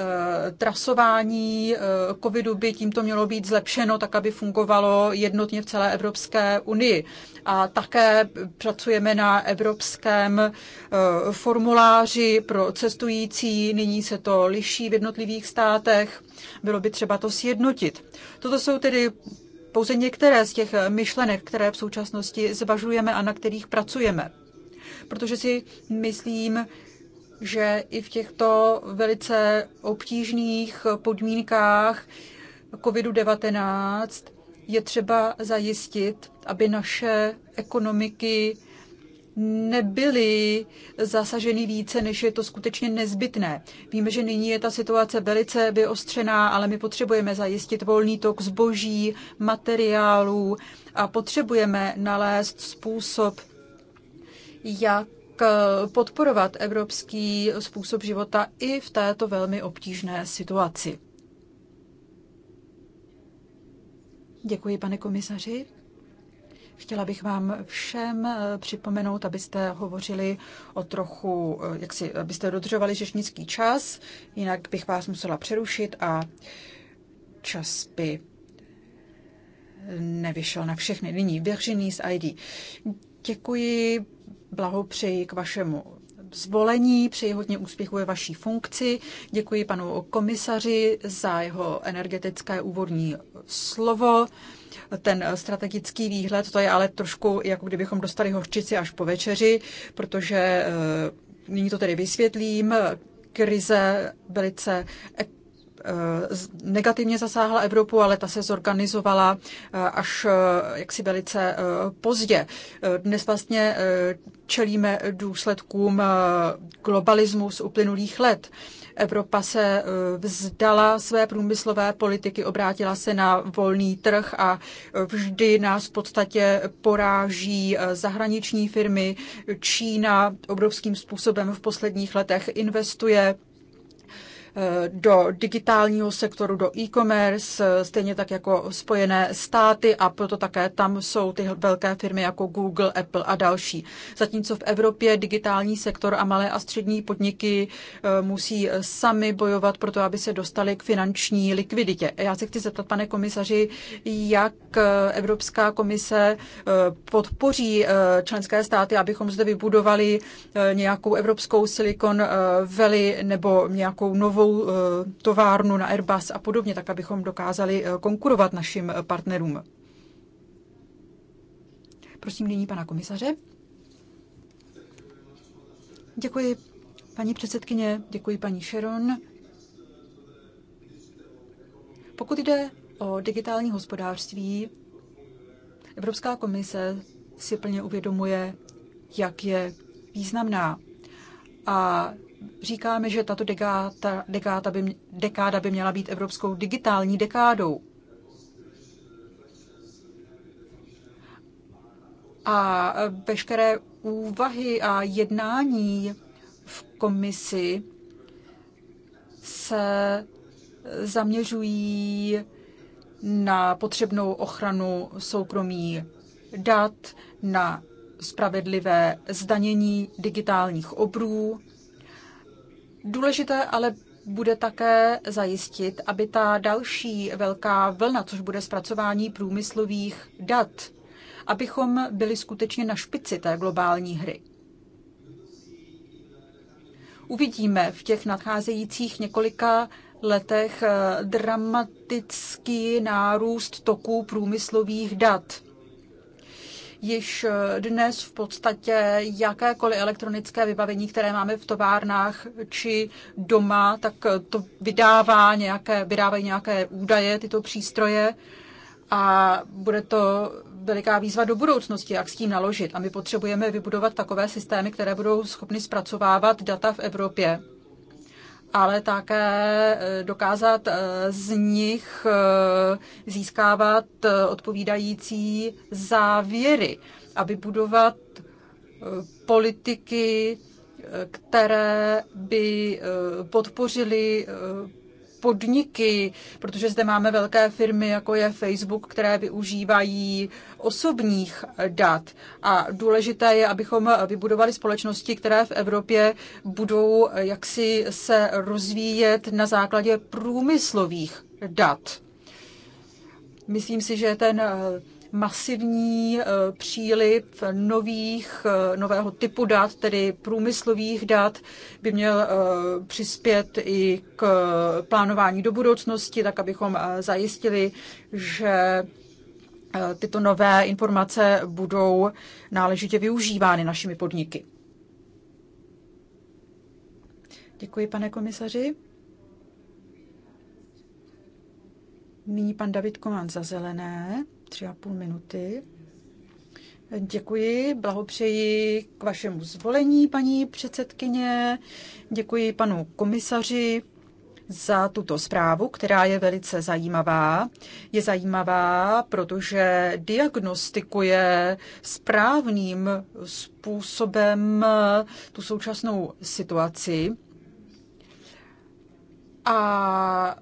trasování eh, covidu by tímto mělo být zlepšeno, tak aby fungovalo jednotně v celé Evropské unii. A také pracujeme na evropském eh, formuláři pro cestující. Nyní se to liší v jednotlivých státech. Bylo by třeba to sjednotit. Toto jsou tedy pouze některé z těch myšlenek, které v současnosti zvažujeme a na kterých pracujeme. Protože si myslím, že i v těchto velice obtížných podmínkách COVID-19 je třeba zajistit, aby naše ekonomiky nebyly zasaženy více, než je to skutečně nezbytné. Víme, že nyní je ta situace velice vyostřená, ale my potřebujeme zajistit volný tok zboží, materiálů a potřebujeme nalézt způsob, jak Eh, podporovat evropský způsob života i v této velmi obtížné situaci. Děkuji, pane komisaři. Chtěla bych vám všem eh, připomenout, abyste hovořili o trochu, eh, jak si, abyste dodržovali řečnický čas, jinak bych vás musela přerušit a čas by nevyšel na všechny. Nyní Virginie z ID. Děkuji, blahopřeji k vašemu zvolení, přeji hodně úspěchu ve vaší funkci. Děkuji panu komisaři za jeho energetické úvodní slovo. Ten strategický výhled, to je ale trošku, jako kdybychom dostali horčici až po večeři, protože eh, nyní to tedy vysvětlím krize velice negativně zasáhla Evropu, ale ta se zorganizovala eh, až eh, jaksi velice eh, pozdě. Dnes vlastně čelíme důsledkům globalismu z uplynulých let. Evropa se vzdala své průmyslové politiky, obrátila se na volný trh a vždy nás v podstatě poráží zahraniční firmy. Čína obrovským způsobem v posledních letech investuje Eh, do digitálního sektoru, do e-commerce, eh, stejně tak jako Spojené státy a proto také tam jsou ty velké firmy jako Google, Apple a další. Zatímco v Evropě digitální sektor a malé a střední podniky eh, musí sami bojovat pro to, aby se dostali k finanční likviditě. Já se chci zeptat, pane komisaři, jak Evropská komise podpoří členské státy, abychom zde vybudovali nějakou evropskou Silicon Valley nebo nějakou novou velkou eh, továrnu na Airbus a podobně, tak abychom dokázali eh, konkurovat našim eh, partnerům. Prosím nyní pana komisaře. Děkuji paní předsedkyně, děkuji paní Sharon. Pokud jde o digitální hospodářství, Evropská komise si plně uvědomuje, jak je významná. A říkáme, že tato dekáta, dekáta, by, dekáda by měla být evropskou digitální dekádou. A veškeré úvahy a jednání v komisi se zaměřují na potřebnou ochranu soukromí dat, na spravedlivé zdanění digitálních obrů, Důležité ale bude také zajistit, aby ta další velká vlna, což bude zpracování průmyslových dat, abychom byli skutečně na špici té globální hry. Uvidíme v těch nadcházejících několika letech eh, dramatický nárůst toků průmyslových dat již eh, dnes v podstatě jakékoliv elektronické vybavení, které máme v továrnách či doma, tak eh, to vydává nějaké, vydávají nějaké údaje, tyto přístroje a bude to veliká výzva do budoucnosti, jak s tím naložit. A my potřebujeme vybudovat takové systémy, které budou schopny zpracovávat data v Evropě ale také eh, dokázat eh, z nich eh, získávat odpovídající závěry a vybudovat politiky, které by podpořily podniky, protože zde máme velké firmy, jako je Facebook, které využívají osobních dat. A důležité je, abychom vybudovali společnosti, které v Evropě budou jaksi se rozvíjet na základě průmyslových dat. Myslím si, že ten masivní eh, příliv nových, eh, nového typu dat, tedy průmyslových dat, by měl eh, přispět i k plánování do budoucnosti, tak abychom zajistili, že tyto nové informace budou náležitě využívány našimi podniky. Děkuji, pane komisaři. Nyní pan David Koman za zelené tři a půl minuty. Děkuji, blahopřeji k vašemu zvolení, paní předsedkyně. Děkuji panu komisaři za tuto zprávu, která je velice zajímavá. Je zajímavá, protože diagnostikuje správným způsobem tu současnou situaci. A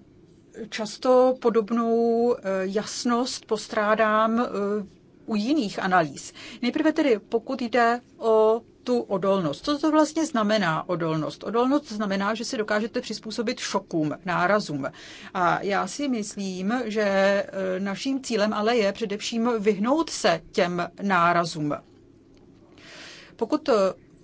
často podobnou e, jasnost postrádám e, u jiných analýz. Nejprve tedy, pokud jde o tu odolnost. Co to vlastně znamená odolnost? Odolnost znamená, že si dokážete přizpůsobit šokům, nárazům. A já si myslím, že e, naším cílem ale je především vyhnout se těm nárazům. Pokud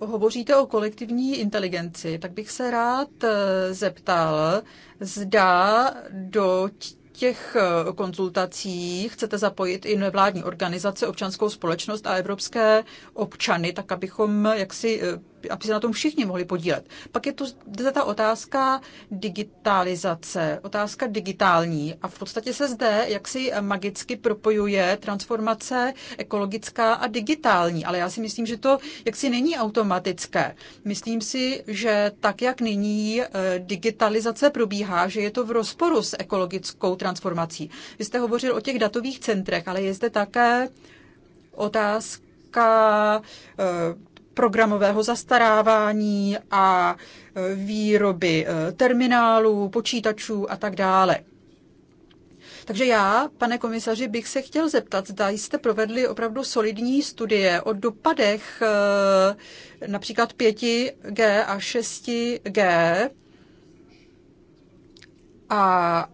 hovoříte o kolektivní inteligenci, tak bych se rád eh, zeptal, zda do těch eh, konzultací chcete zapojit i nevládní organizace, občanskou společnost a evropské občany, tak abychom jaksi eh, aby se na tom všichni mohli podílet. Pak je tu ta otázka digitalizace, otázka digitální a v podstatě se zde jaksi magicky propojuje transformace ekologická a digitální, ale já si myslím, že to jaksi není automatické. Myslím si, že tak, jak nyní eh, digitalizace probíhá, že je to v rozporu s ekologickou transformací. Vy jste hovořil o těch datových centrech, ale je zde také otázka eh, programového zastarávání a e, výroby e, terminálů, počítačů a tak dále. Takže já, pane komisaři, bych se chtěl zeptat, zda jste provedli opravdu solidní studie o dopadech e, například 5G a 6G a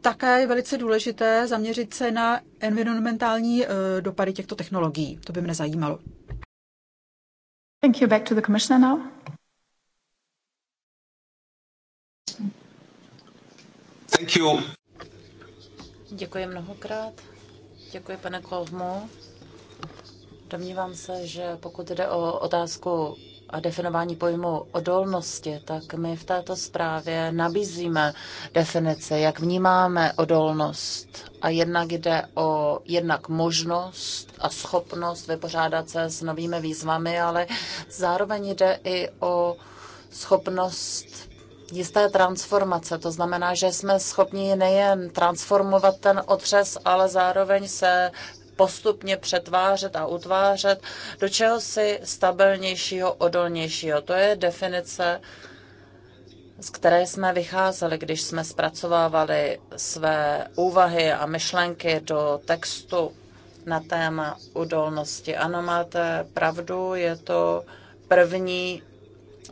také je velice důležité zaměřit se na environmentální dopady těchto technologií. To by mě zajímalo. Thank you. Back to the Commissioner now. Thank you. Děkuji mnohokrát. Děkuji, pane Kolmo. Domnívám se, že pokud jde o otázku a definování pojmu odolnosti, tak my v této zprávě nabízíme definice, jak vnímáme odolnost. A jednak jde o jednak možnost a schopnost vypořádat se s novými výzvami, ale zároveň jde i o schopnost jisté transformace. To znamená, že jsme schopni nejen transformovat ten otřes, ale zároveň se postupně přetvářet a utvářet do čehosi stabilnějšího, odolnějšího. To je definice, z které jsme vycházeli, když jsme zpracovávali své úvahy a myšlenky do textu na téma udolnosti. Ano, máte pravdu, je to první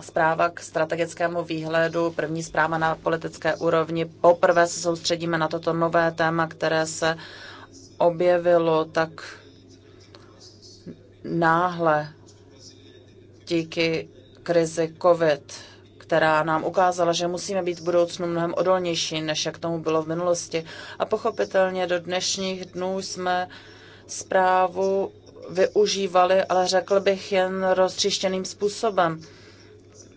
zpráva k strategickému výhledu, první zpráva na politické úrovni. Poprvé se soustředíme na toto nové téma, které se objevilo tak náhle díky krizi COVID, která nám ukázala, že musíme být v budoucnu mnohem odolnější, než jak tomu bylo v minulosti. A pochopitelně do dnešních dnů jsme zprávu využívali, ale řekl bych jen roztříštěným způsobem,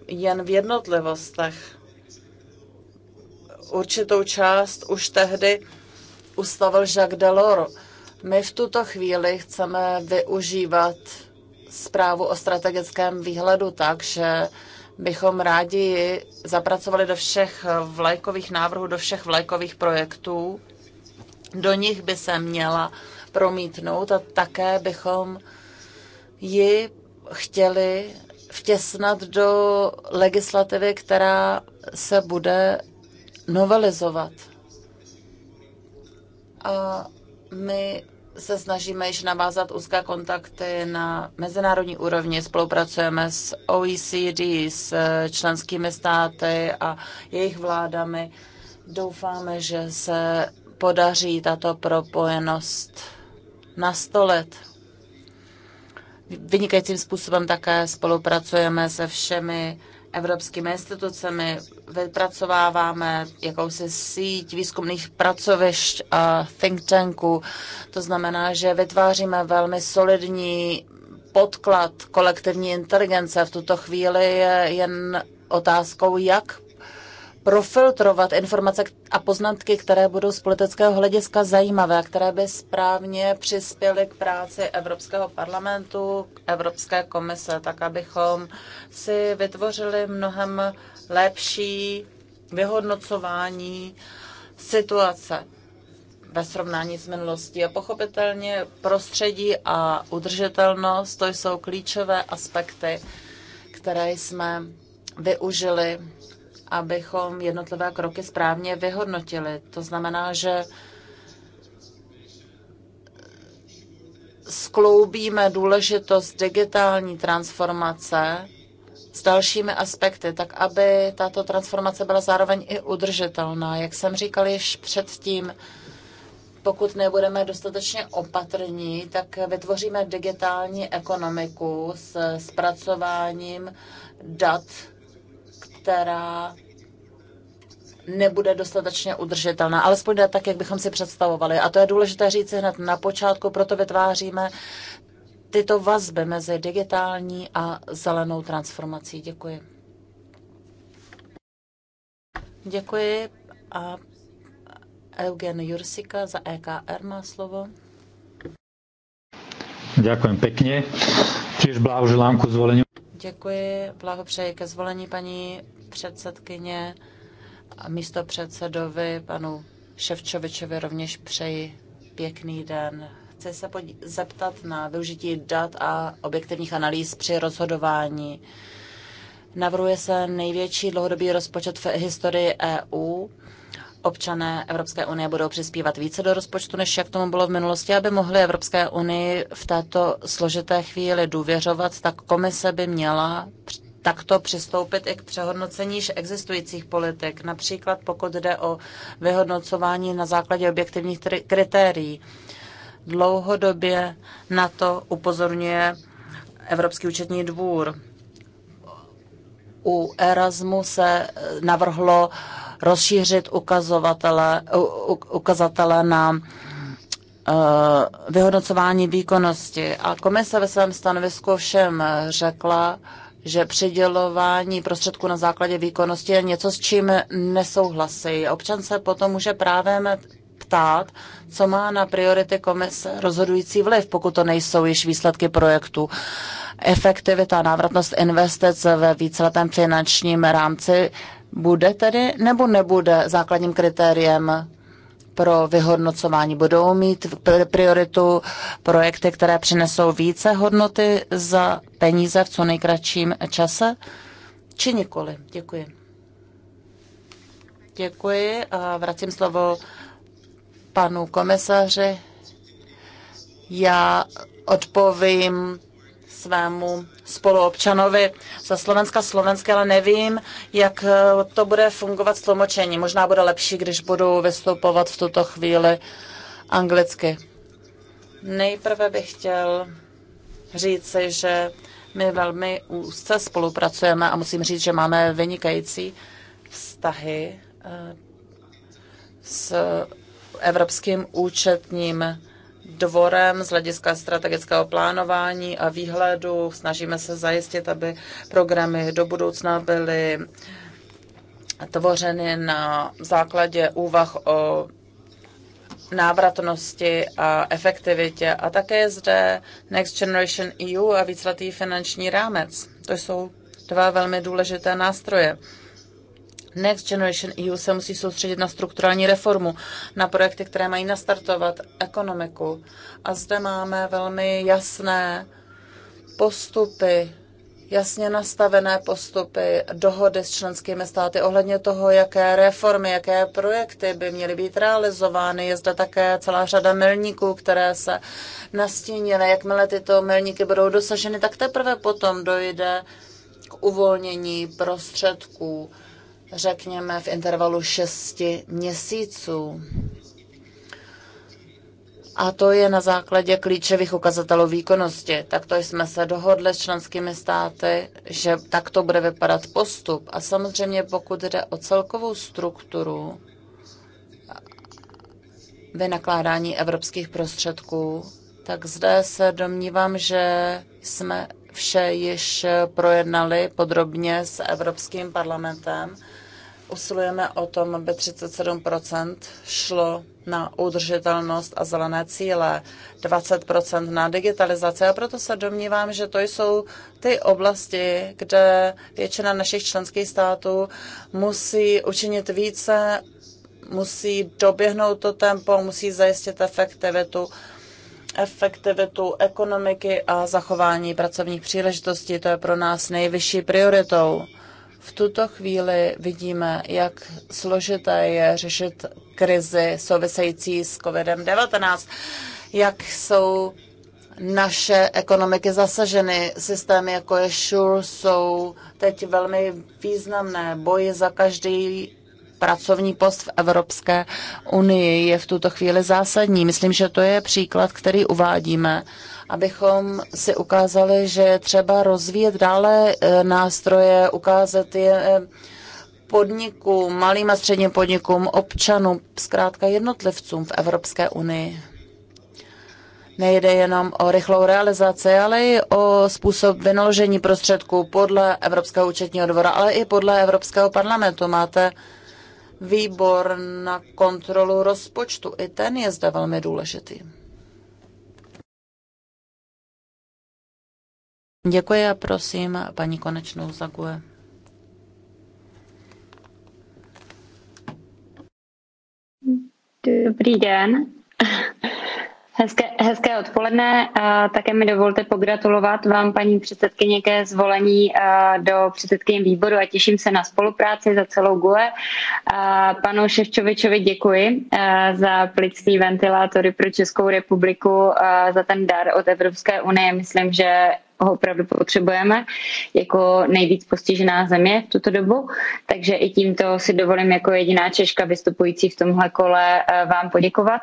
jen v jednotlivostech. Určitou část už tehdy ustavil Jacques Delors. My v tuto chvíli chceme využívat zprávu o strategickém výhledu tak, že bychom rádi zapracovali do všech vlajkových návrhů, do všech vlajkových projektů. Do nich by se měla promítnout a také bychom ji chtěli vtěsnat do legislativy, která se bude novelizovat. A my se snažíme již navázat úzké kontakty na mezinárodní úrovni. Spolupracujeme s OECD, s členskými státy a jejich vládami. Doufáme, že se podaří tato propojenost nastolit. Vynikajícím způsobem také spolupracujeme se všemi evropskými institucemi. Vypracováváme jakousi síť výzkumných pracovišť a think tanků. To znamená, že vytváříme velmi solidní podklad kolektivní inteligence. V tuto chvíli je jen otázkou, jak profiltrovat informace a poznatky, které budou z politického hlediska zajímavé, které by správně přispěly k práci Evropského parlamentu, k Evropské komise, tak abychom si vytvořili mnohem lepší vyhodnocování situace ve srovnání s minulostí. A pochopitelně prostředí a udržitelnost, to jsou klíčové aspekty, které jsme využili abychom jednotlivé kroky správně vyhodnotili. To znamená, že skloubíme důležitost digitální transformace s dalšími aspekty, tak aby tato transformace byla zároveň i udržitelná. Jak jsem říkal již předtím, pokud nebudeme dostatečně opatrní, tak vytvoříme digitální ekonomiku s zpracováním dat která nebude dostatečně udržitelná, alespoň ne tak, jak bychom si představovali. A to je důležité říct hned na počátku, proto vytváříme tyto vazby mezi digitální a zelenou transformací. Děkuji. Děkuji a Eugen Jursika za EKR má slovo. Ďakujem pekne. Tiež blahoželám ku zvolení. Děkuji, blahopřeji ke zvolení paní předsedkyně a místo předsedovi panu Ševčovičovi rovněž přeji pěkný den. Chci se zeptat na využití dat a objektivních analýz při rozhodování. Navrhuje se největší dlouhodobý rozpočet v historii EU občané Evropské unie budou přispívat více do rozpočtu, než jak tomu bylo v minulosti, aby mohli Evropské unii v této složité chvíli důvěřovat, tak komise by měla takto přistoupit i k přehodnocení již existujících politik, například pokud jde o vyhodnocování na základě objektivních kritérií. Dlouhodobě na to upozorňuje Evropský účetní dvůr. U Erasmu se navrhlo rozšířit ukazovatele, ukazatele na eh, vyhodnocování výkonnosti. A komise ve svém stanovisku všem řekla, že přidělování prostředků na základě výkonnosti je něco, s čím nesouhlasí. Občan se potom může právě ptát, co má na priority komise rozhodující vliv, pokud to nejsou již výsledky projektu. Efektivita, návratnost investic ve víceletém finančním rámci bude tedy nebo nebude základním kritériem pro vyhodnocování? Budou mít prioritu projekty, které přinesou více hodnoty za peníze v co nejkratším čase, či nikoli? Děkuji. Děkuji a vracím slovo panu komisaři. Já odpovím svému spoluobčanovi za Slovenska slovenské, ale nevím, jak eh, to bude fungovat s tlumočením. Možná bude lepší, když budu vystupovat v tuto chvíli anglicky. Nejprve bych chtěl říci, že my velmi úzce spolupracujeme a musím říct, že máme vynikající vztahy eh, s Evropským účetním dvorem z hlediska strategického plánování a výhledu. Snažíme se zajistit, aby programy do budoucna byly tvořeny na základě úvah o návratnosti a efektivitě. A také je zde Next Generation EU a víceletý finanční rámec. To jsou dva velmi důležité nástroje. Next Generation EU se musí soustředit na strukturální reformu, na projekty, které mají nastartovat ekonomiku. A zde máme velmi jasné postupy, jasně nastavené postupy, dohody s členskými státy ohledně toho, jaké reformy, jaké projekty by měly být realizovány. Je zde také celá řada milníků, které se nastínily. Jakmile tyto milníky budou dosaženy, tak teprve potom dojde k uvolnění prostředků řekněme v intervalu šesti měsíců. A to je na základě klíčových ukazatelů výkonnosti. Takto jsme se dohodli s členskými státy, že takto bude vypadat postup. A samozřejmě pokud jde o celkovou strukturu vynakládání evropských prostředků, tak zde se domnívám, že jsme vše již projednali podrobně s Evropským parlamentem usilujeme o tom, aby 37% šlo na udržitelnost a zelené cíle, 20% na digitalizaci. A proto se domnívám, že to jsou ty oblasti, kde většina našich členských států musí učinit více, musí doběhnout to tempo, musí zajistit efektivitu efektivitu ekonomiky a zachování pracovních příležitostí. To je pro nás nejvyšší prioritou. V tuto chvíli vidíme, jak složité je řešit krizi související s COVID-19, jak jsou naše ekonomiky zasaženy. Systémy jako je SURE jsou teď velmi významné. Boji za každý pracovní post v Evropské unii je v tuto chvíli zásadní. Myslím, že to je příklad, který uvádíme abychom si ukázali, že třeba rozvíjet dále e, nástroje, ukázat je e, podnikům, malým a středním podnikům, občanům, zkrátka jednotlivcům v Evropské unii. Nejde jenom o rychlou realizaci, ale i o způsob vynaložení prostředků podle Evropského účetního dvora, ale i podle Evropského parlamentu. Máte výbor na kontrolu rozpočtu. I ten je zde velmi důležitý. Děkuji a prosím paní Konečnou Zague. Dobrý den. Hezké, hezké odpoledne. Také mi dovolte pogratulovat vám, paní předsedkyně, ke zvolení do předsedkyně výboru a těším se na spolupráci za celou GUE. Panu Ševčovičovi děkuji za plicní ventilátory pro Českou republiku, za ten dar od Evropské unie. Myslím, že ho opravdu potřebujeme jako nejvíc postižená země v tuto dobu. Takže i tímto si dovolím jako jediná Češka vystupující v tomhle kole eh, vám poděkovat.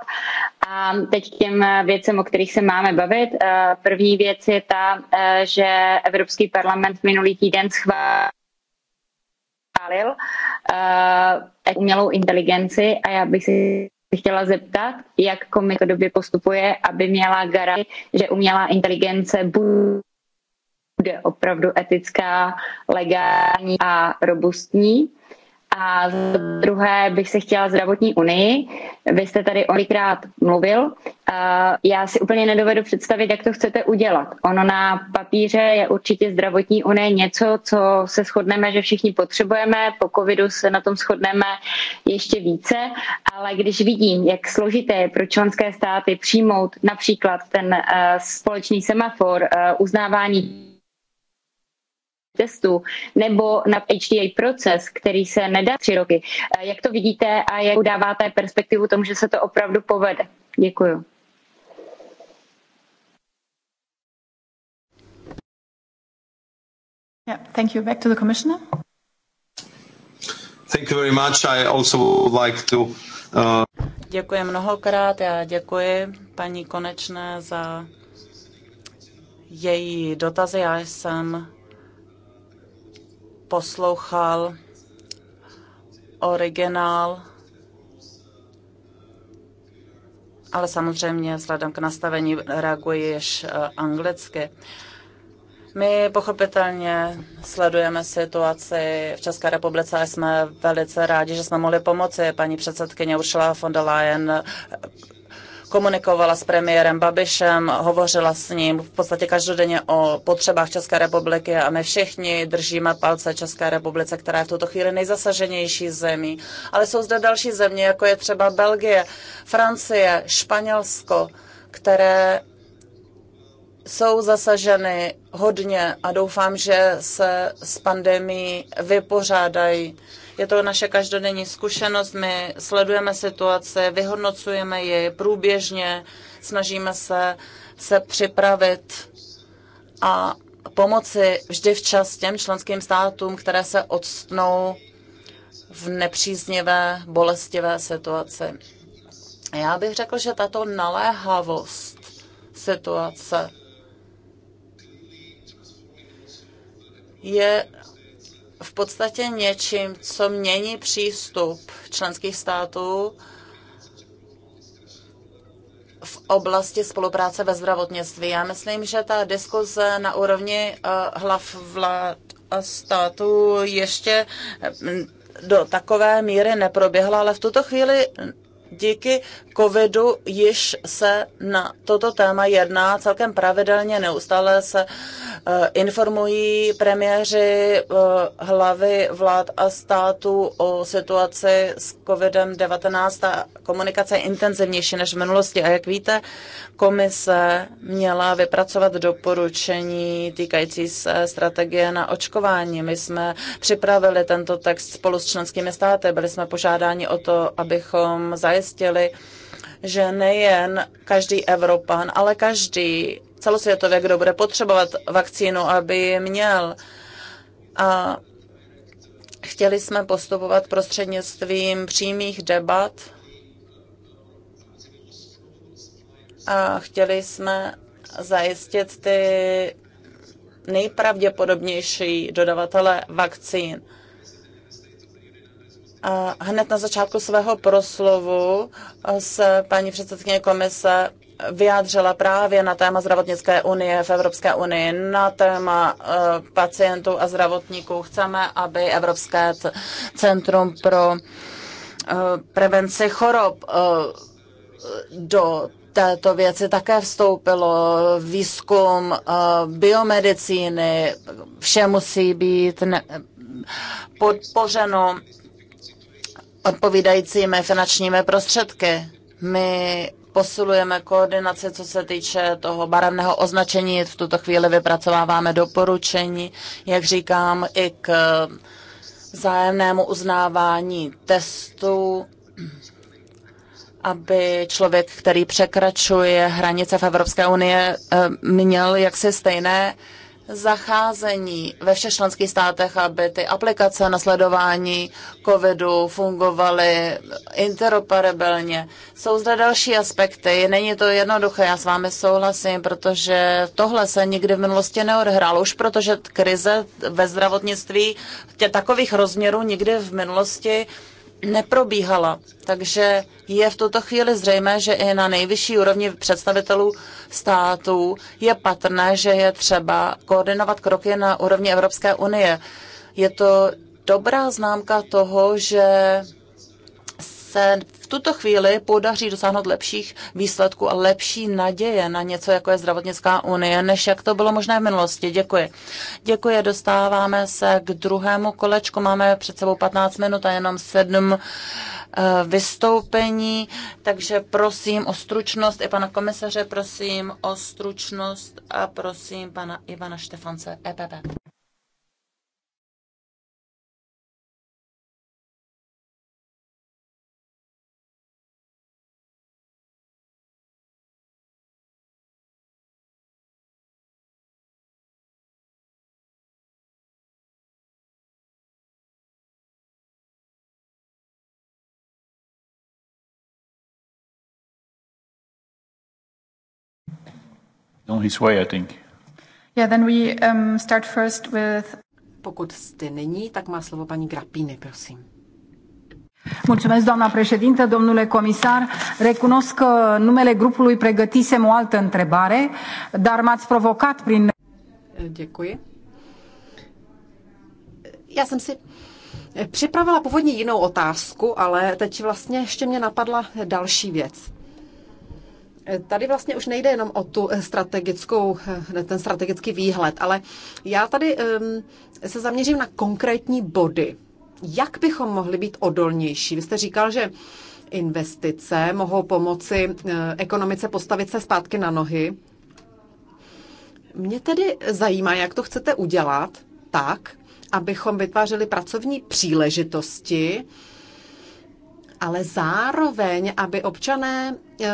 A teď k těm eh, věcem, o kterých se máme bavit. Eh, první věc je ta, že Evropský parlament minulý týden schválil umělou inteligenci a já bych si chtěla zeptat, jak komise době postupuje, aby měla garanci, že umělá inteligence bude bude opravdu etická, legální a robustní. A za druhé bych se chtěla zdravotní unii. Vy jste tady olikrát mluvil. Já si úplně nedovedu představit, jak to chcete udělat. Ono na papíře je určitě zdravotní unie něco, co se shodneme, že všichni potřebujeme. Po covidu se na tom shodneme ještě více. Ale když vidím, jak složité je pro členské státy přijmout například ten eh, společný semafor, eh, uznávání testů nebo na HDA proces, který se nedá tři roky. Eh, jak to vidíte a jak udáváte perspektivu tomu, že se to opravdu povede? Děkuju. Yeah, thank you. Back to the commissioner. Thank you very much. I also would like to uh... Děkuji mnohokrát. Já děkuji paní Konečné za její dotazy. Já jsem poslouchal originál, ale samozřejmě vzhledem k nastavení reaguješ eh, anglicky. My pochopitelně sledujeme situaci v České republice a jsme velice rádi, že jsme mohli pomoci. Paní předsedkyně Uršela von der Leyen eh, komunikovala s premiérem Babišem, hovořila s ním v podstatě každodenně o potřebách České republiky a my všichni držíme palce České republice, která je v tuto chvíli nejzasaženější zemí. Ale jsou zde další země, jako je třeba Belgie, Francie, Španělsko, které jsou zasaženy hodně a doufám, že se s pandemí vypořádají. Je to naše každodenní zkušenost, my sledujeme situaci, vyhodnocujeme ji průběžně, snažíme se se připravit a pomoci vždy včas těm členským státům, které se odstnou v nepříznivé, bolestivé situaci. Já bych řekl, že tato naléhavost situace je v podstatě něčím, co mění přístup členských států v oblasti spolupráce ve zdravotnictví. Já myslím, že ta diskuze na úrovni eh, hlav vlád a států ještě eh, do takové míry neproběhla, ale v tuto chvíli díky covidu již se na toto téma jedná celkem pravidelně, neustále se eh, informují premiéři eh, hlavy vlád a států o situaci s covidem-19. Ta komunikace je intenzivnější než v minulosti a jak víte, komise měla vypracovat doporučení týkající se strategie na očkování. My jsme připravili tento text spolu s členskými státy, byli jsme požádáni o to, abychom zajistili zajistili, že nejen každý Evropan, ale každý celosvětově, kdo bude potřebovat vakcínu, aby ji měl. A chtěli jsme postupovat prostřednictvím přímých debat a chtěli jsme zajistit ty nejpravděpodobnější dodavatele vakcín. A hned na začátku svého proslovu eh, se paní předsedkyně komise vyjádřila právě na téma zdravotnické unie v Evropské unii, na téma eh, pacientů a zdravotníků. Chceme, aby Evropské centrum pro eh, prevenci chorob do této věci také vstoupilo výzkum biomedicíny, vše musí být podpořeno odpovídajícími finančními prostředky. My posilujeme koordinaci, co se týče toho barevného označení. V tuto chvíli vypracováváme doporučení, jak říkám, i k vzájemnému uznávání testů, aby člověk, který překračuje hranice v Evropské unie, eh, měl jaksi stejné zacházení ve všech členských státech, aby ty aplikace na sledování covidu fungovaly interoperabilně. Jsou zde další aspekty. Není to jednoduché, já s vámi souhlasím, protože tohle se nikdy v minulosti neodhrálo, Už protože krize ve zdravotnictví tě takových rozměrů nikdy v minulosti neprobíhala. Takže je v tuto chvíli zřejmé, že i na nejvyšší úrovni představitelů států je patrné, že je třeba koordinovat kroky na úrovni Evropské unie. Je to dobrá známka toho, že se v tuto chvíli podaří dosáhnout lepších výsledků a lepší naděje na něco, jako je zdravotnická unie, než jak to bylo možné v minulosti. Děkuji. Děkuji, dostáváme se k druhému kolečku. Máme před sebou 15 minut a jenom 7 eh, vystoupení, takže prosím o stručnost i pana komisaře, prosím o stručnost a prosím pana Ivana Štefance, EPP. on his way, I think. Yeah, then we um, start first with... Pokud jste není, tak má slovo paní Grapíny, prosím. Mulțumesc, doamna președintă, domnule comisar. Recunosc că numele grupului pregătisem o altă întrebare, dar m-ați provocat prin... Děkuji. Já jsem si připravila původně jinou otázku, ale teď vlastně ještě mě napadla další věc. Tady vlastně už nejde jenom o tu eh, strategickou, eh, ten strategický výhled, ale já tady ehm, se zaměřím na konkrétní body. Jak bychom mohli být odolnější? Vy jste říkal, že investice mohou pomoci eh, ekonomice postavit se zpátky na nohy. Mě tedy zajímá, jak to chcete udělat tak, abychom vytvářeli pracovní příležitosti, ale zároveň, aby občané eh,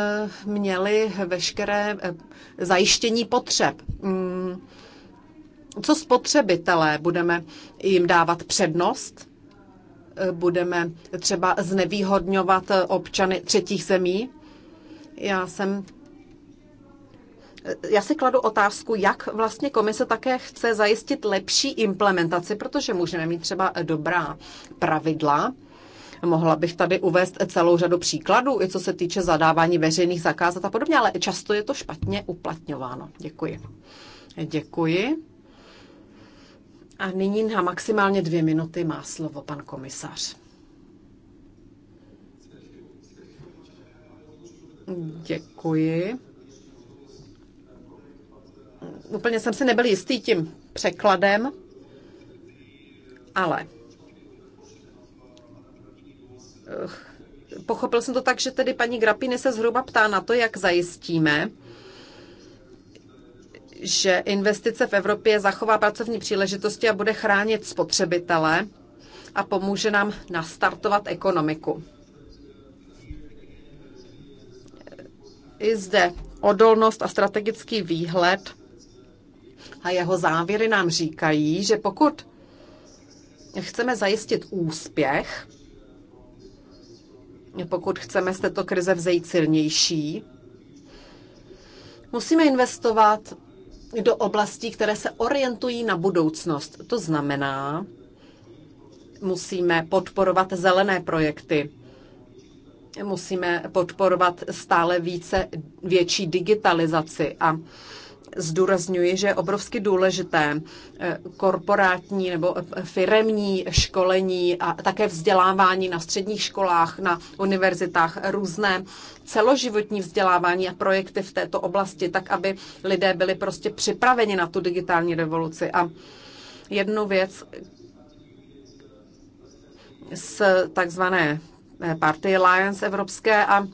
měli veškeré eh, zajištění potřeb. Mm, co spotřebitelé? Budeme jim dávat přednost? Eh, budeme třeba znevýhodňovat občany třetích zemí? Já jsem já si kladu otázku, jak vlastně komise také chce zajistit lepší implementaci, protože můžeme mít třeba dobrá pravidla, Mohla bych tady uvést celou řadu příkladů, i co se týče zadávání veřejných zakázek a podobně, ale často je to špatně uplatňováno. Děkuji. Děkuji. A nyní na maximálně dvě minuty má slovo pan komisař. Děkuji. Úplně jsem si nebyl jistý tím překladem, ale pochopil jsem to tak, že tedy paní Grapiny se zhruba ptá na to, jak zajistíme, že investice v Evropě zachová pracovní příležitosti a bude chránit spotřebitele a pomůže nám nastartovat ekonomiku. I zde odolnost a strategický výhled a jeho závěry nám říkají, že pokud chceme zajistit úspěch, pokud chceme z této krize vzejít silnější, musíme investovat do oblastí, které se orientují na budoucnost. To znamená, musíme podporovat zelené projekty, musíme podporovat stále více větší digitalizaci a zdůrazňuji, že je obrovsky důležité eh, korporátní nebo eh, firemní školení a také vzdělávání na středních školách, na univerzitách, různé celoživotní vzdělávání a projekty v této oblasti, tak aby lidé byli prostě připraveni na tu digitální revoluci. A jednu věc z takzvané eh, Party Alliance Evropské a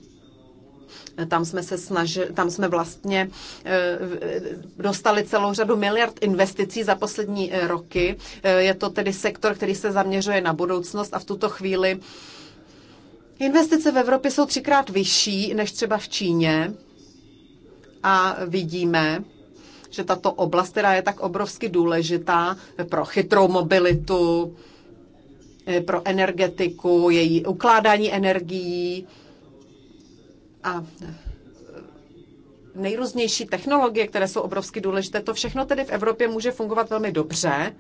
tam jsme, se snažili, tam jsme vlastně eh, eh, dostali celou řadu miliard investicí za poslední eh, roky. Je to tedy sektor, který se zaměřuje na budoucnost a v tuto chvíli investice v Evropě jsou třikrát vyšší než třeba v Číně. A vidíme, že tato oblast, která je tak obrovsky důležitá pro chytrou mobilitu, pro energetiku, její ukládání energií, a eh, nejrůznější technologie, které jsou obrovsky důležité, to všechno tedy v Evropě může fungovat velmi dobře.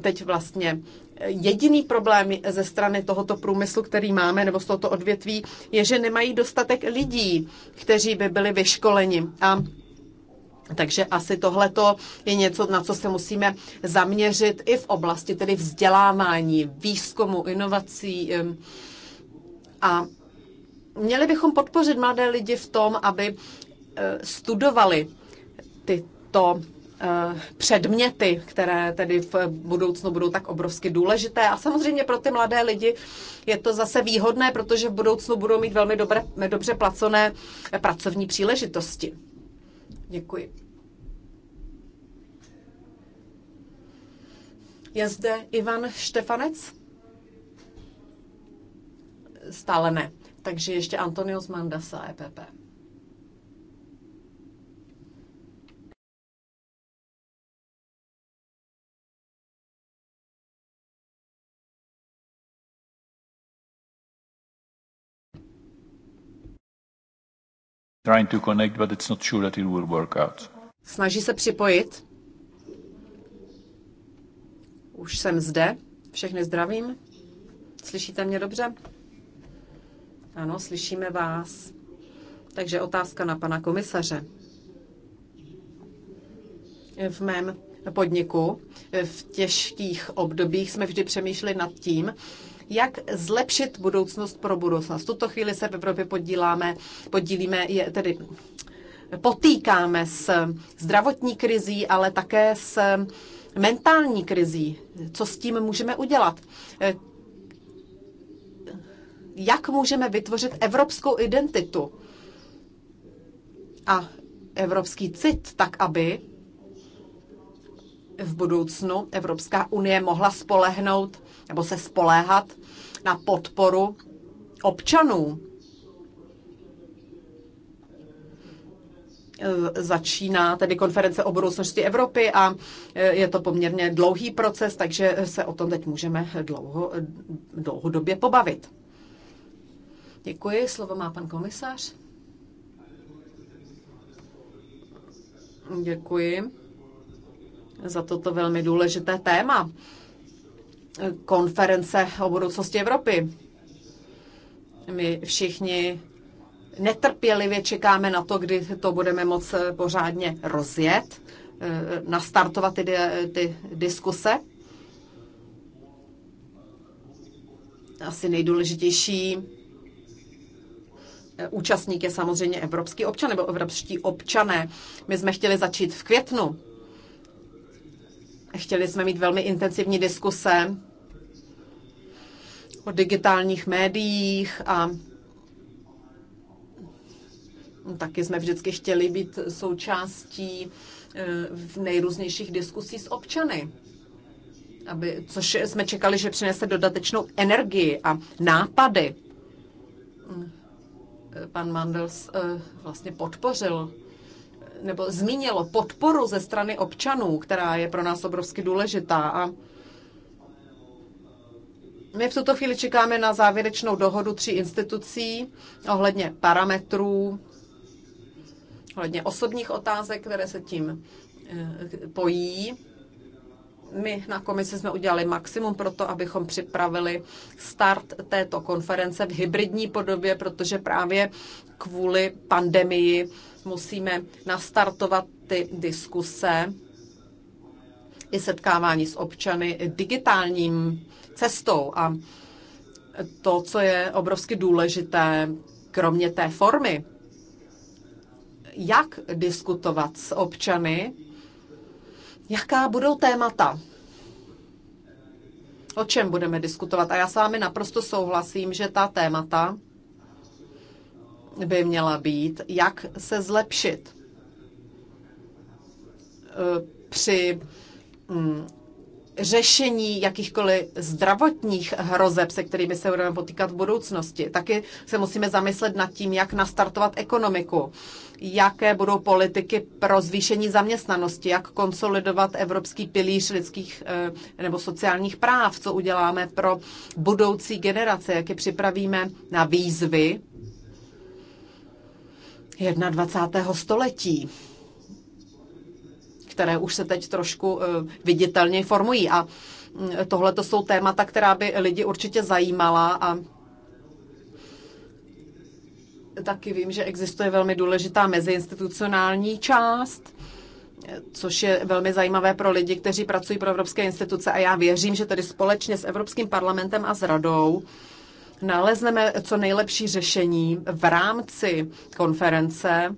Teď vlastně eh, jediný problém ze strany tohoto průmyslu, který máme, nebo z tohoto odvětví, je, že nemají dostatek lidí, kteří by byli vyškoleni. A takže asi tohleto je něco, na co se musíme zaměřit i v oblasti tedy vzdělávání, výzkumu, inovací eh, a Měli bychom podpořit mladé lidi v tom, aby eh, studovali tyto eh, předměty, které tedy v budoucnu budou tak obrovsky důležité. A samozřejmě pro ty mladé lidi je to zase výhodné, protože v budoucnu budou mít velmi dobré, dobře placené pracovní příležitosti. Děkuji. Je zde Ivan Štefanec? Stále ne. Takže ještě Antonius Mandasa, EPP. Trying to connect, but it's not sure that it will work out. Snaží se připojit. Už jsem zde. Všechny zdravím. Slyšíte mě dobře? Ano, slyšíme vás. Takže otázka na pana komisaře. V mém podniku v těžkých obdobích jsme vždy přemýšleli nad tím, jak zlepšit budoucnost pro budoucnost. V tuto chvíli se v Evropě podíláme, podílíme, je tedy potýkáme s zdravotní krizí, ale také s mentální krizí. Co s tím můžeme udělat? jak můžeme vytvořit evropskou identitu a evropský cit, tak aby v budoucnu Evropská unie mohla spolehnout nebo se spoléhat na podporu občanů. E, začíná tedy konference o budoucnosti Evropy a e, je to poměrně dlouhý proces, takže se o tom teď můžeme dlouho, dlouhodobě pobavit. Děkuji. Slovo má pan komisař. Děkuji za toto velmi důležité téma. Konference o budoucnosti Evropy. My všichni netrpělivě čekáme na to, kdy to budeme moc pořádně rozjet, eh, nastartovat ty, eh, ty diskuse. Asi nejdůležitější Eh, účastník je samozřejmě evropský občan nebo evropští občané. My jsme chtěli začít v květnu. Chtěli jsme mít velmi intenzivní diskuse o digitálních médiích a taky jsme vždycky chtěli být součástí eh, v nejrůznějších diskusí s občany. Aby, což jsme čekali, že přinese dodatečnou energii a nápady. Mm pan Mandels eh, vlastně podpořil nebo zmínilo podporu ze strany občanů, která je pro nás obrovsky důležitá. A my v tuto chvíli čekáme na závěrečnou dohodu tří institucí ohledně parametrů, ohledně osobních otázek, které se tím eh, pojí. My na komisi jsme udělali maximum pro to, abychom připravili start této konference v hybridní podobě, protože právě kvůli pandemii musíme nastartovat ty diskuse i setkávání s občany digitálním cestou. A to, co je obrovsky důležité, kromě té formy, jak diskutovat s občany, Jaká budou témata? O čem budeme diskutovat? A já s vámi naprosto souhlasím, že ta témata by měla být, jak se zlepšit eh, při mm, řešení jakýchkoliv zdravotních hrozeb, se kterými se budeme potýkat v budoucnosti. Taky se musíme zamyslet nad tím, jak nastartovat ekonomiku jaké budou politiky pro zvýšení zaměstnanosti, jak konsolidovat evropský pilíř lidských eh, nebo sociálních práv, co uděláme pro budoucí generace, jak je připravíme na výzvy 21. století které už se teď trošku eh, viditelně formují. A mm, tohle to jsou témata, která by lidi určitě zajímala a Taky vím, že existuje velmi důležitá meziinstitucionální část, což je velmi zajímavé pro lidi, kteří pracují pro evropské instituce. A já věřím, že tedy společně s Evropským parlamentem a s radou nalezneme co nejlepší řešení v rámci konference,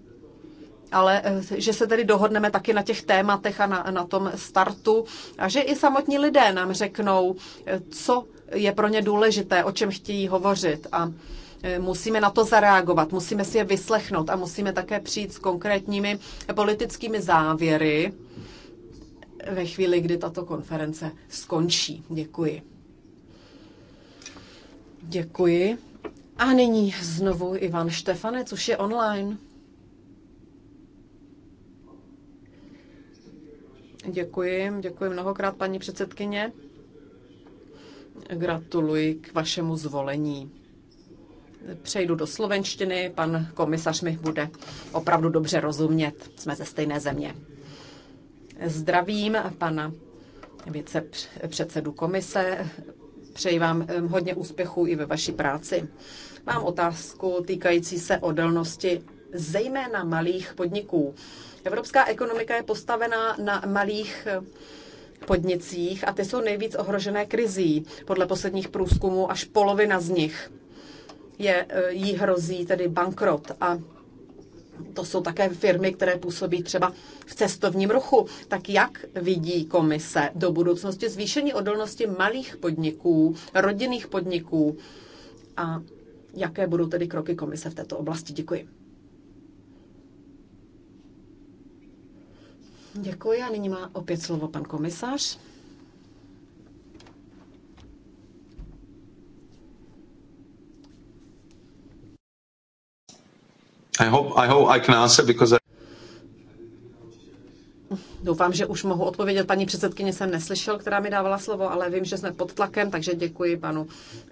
ale eh, že se tedy dohodneme taky na těch tématech a na, na tom startu a že i samotní lidé nám řeknou, eh, co je pro ně důležité, o čem chtějí hovořit. A Eh, musíme na to zareagovat, musíme si je vyslechnout a musíme také přijít s konkrétními politickými závěry ve chvíli, kdy tato konference skončí. Děkuji. Děkuji. A nyní znovu Ivan Štefane, což je online. Děkuji, děkuji mnohokrát, paní předsedkyně. Gratuluji k vašemu zvolení přejdu do slovenštiny, pan komisař mi bude opravdu dobře rozumět. Jsme ze stejné země. Zdravím pana vicepředsedu komise. Přeji vám eh, hodně úspěchů i ve vaší práci. Mám otázku týkající se odolnosti zejména malých podniků. Evropská ekonomika je postavená na malých eh, podnicích a ty jsou nejvíc ohrožené krizí. Podle posledních průzkumů až polovina z nich je, eh, jí hrozí tedy bankrot. A to jsou také firmy, které působí třeba v cestovním ruchu. Tak jak vidí komise do budoucnosti zvýšení odolnosti malých podniků, rodinných podniků a jaké budou tedy kroky komise v této oblasti? Děkuji. Děkuji a nyní má opět slovo pan komisař. I hope, I hope I can answer because I... Doufám, že už mohu odpovědět. Paní předsedkyně jsem neslyšel, která mi dávala slovo, ale vím, že jsme pod tlakem, takže děkuji panu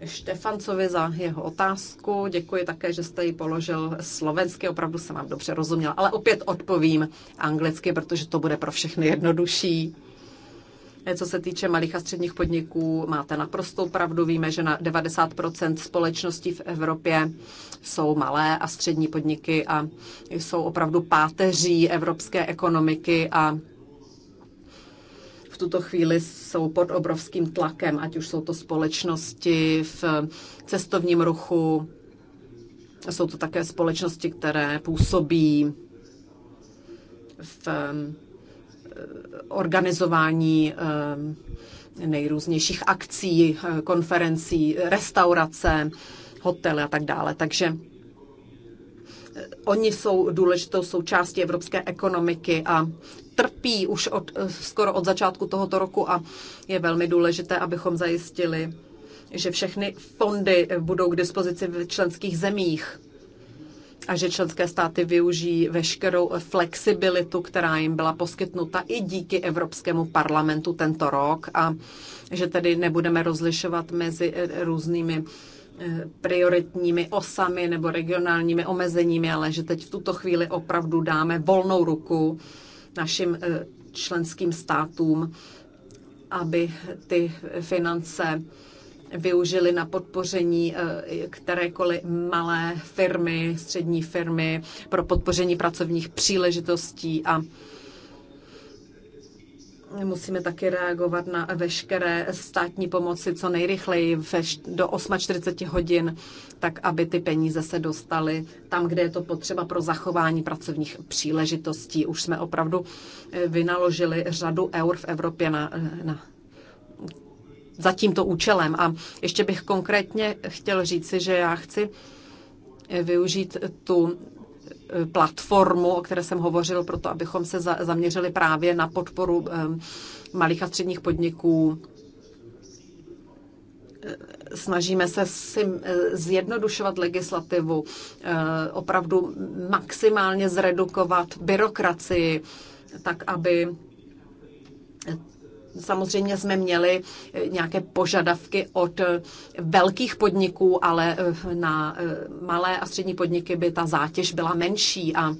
Štefancovi za jeho otázku. Děkuji také, že jste ji položil slovensky, opravdu jsem vám dobře rozuměla, ale opět odpovím anglicky, protože to bude pro všechny jednodušší. Co se týče malých a středních podniků, máte naprostou pravdu. Víme, že na 90 společností v Evropě jsou malé a střední podniky a jsou opravdu páteří evropské ekonomiky a v tuto chvíli jsou pod obrovským tlakem, ať už jsou to společnosti v cestovním ruchu, jsou to také společnosti, které působí v organizování eh, nejrůznějších akcí, eh, konferencí, restaurace, hotely a tak dále. Takže eh, oni jsou důležitou součástí evropské ekonomiky a trpí už od, skoro od začátku tohoto roku a je velmi důležité, abychom zajistili, že všechny fondy budou k dispozici v členských zemích a že členské státy využijí veškerou flexibilitu, která jim byla poskytnuta i díky Evropskému parlamentu tento rok a že tedy nebudeme rozlišovat mezi eh, různými eh, prioritními osami nebo regionálními omezeními, ale že teď v tuto chvíli opravdu dáme volnou ruku našim eh, členským státům, aby ty finance využili na podpoření eh, kterékoliv malé firmy, střední firmy, pro podpoření pracovních příležitostí a musíme taky reagovat na veškeré státní pomoci co nejrychleji do 48 hodin, tak aby ty peníze se dostaly tam, kde je to potřeba pro zachování pracovních příležitostí. Už jsme opravdu eh, vynaložili řadu eur v Evropě na, eh, na za tímto účelem. A ještě bych konkrétně chtěl říci, že já chci eh, využít tu eh, platformu, o které jsem hovořil, proto abychom se zaměřili právě na podporu eh, malých a středních podniků. Snažíme se zjednodušovat legislativu, opravdu maximálně zredukovat byrokracii, tak aby Samozřejmě jsme měli eh, nějaké požadavky od eh, velkých podniků, ale eh, na malé a střední podniky by ta zátěž byla menší a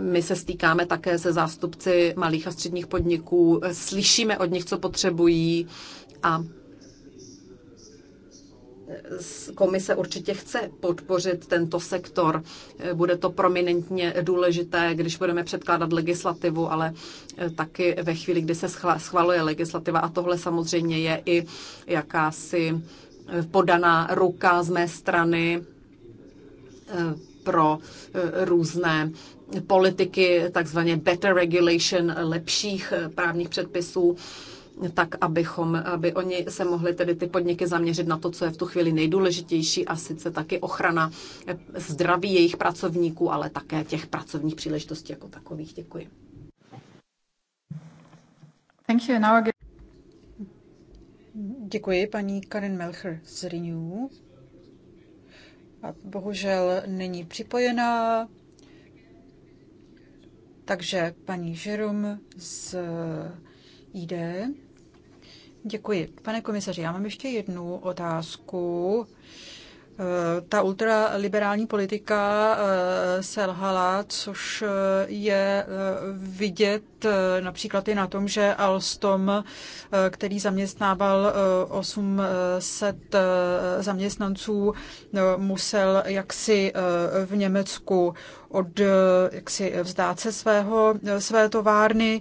my se stýkáme také se zástupci malých a středních podniků, slyšíme od nich, co potřebují a komise určitě chce podpořit tento sektor. Bude to prominentně důležité, když budeme předkládat legislativu, ale eh, taky ve chvíli, kdy se schvaluje legislativa. A tohle samozřejmě je i jakási eh, podaná ruka z mé strany eh, pro různé politiky, takzvaně better regulation, lepších právních předpisů tak abychom, aby oni se mohli tedy ty podniky zaměřit na to, co je v tu chvíli nejdůležitější a sice taky ochrana eh, zdraví jejich pracovníků, ale také těch pracovních příležitostí jako takových. Děkuji. Thank you. Now Děkuji paní Karin Melcher z Renew. A bohužel není připojená, takže paní Žerum z eh, IDE. Děkuji. Pane komisaři, já mám ještě jednu otázku Eh, ta ultraliberální politika eh, selhala, což eh, je vidět například i na tom, že Alstom, který zaměstnával 800 zaměstnanců, musel jaksi v Německu od jaksi vzdát se svého, své továrny.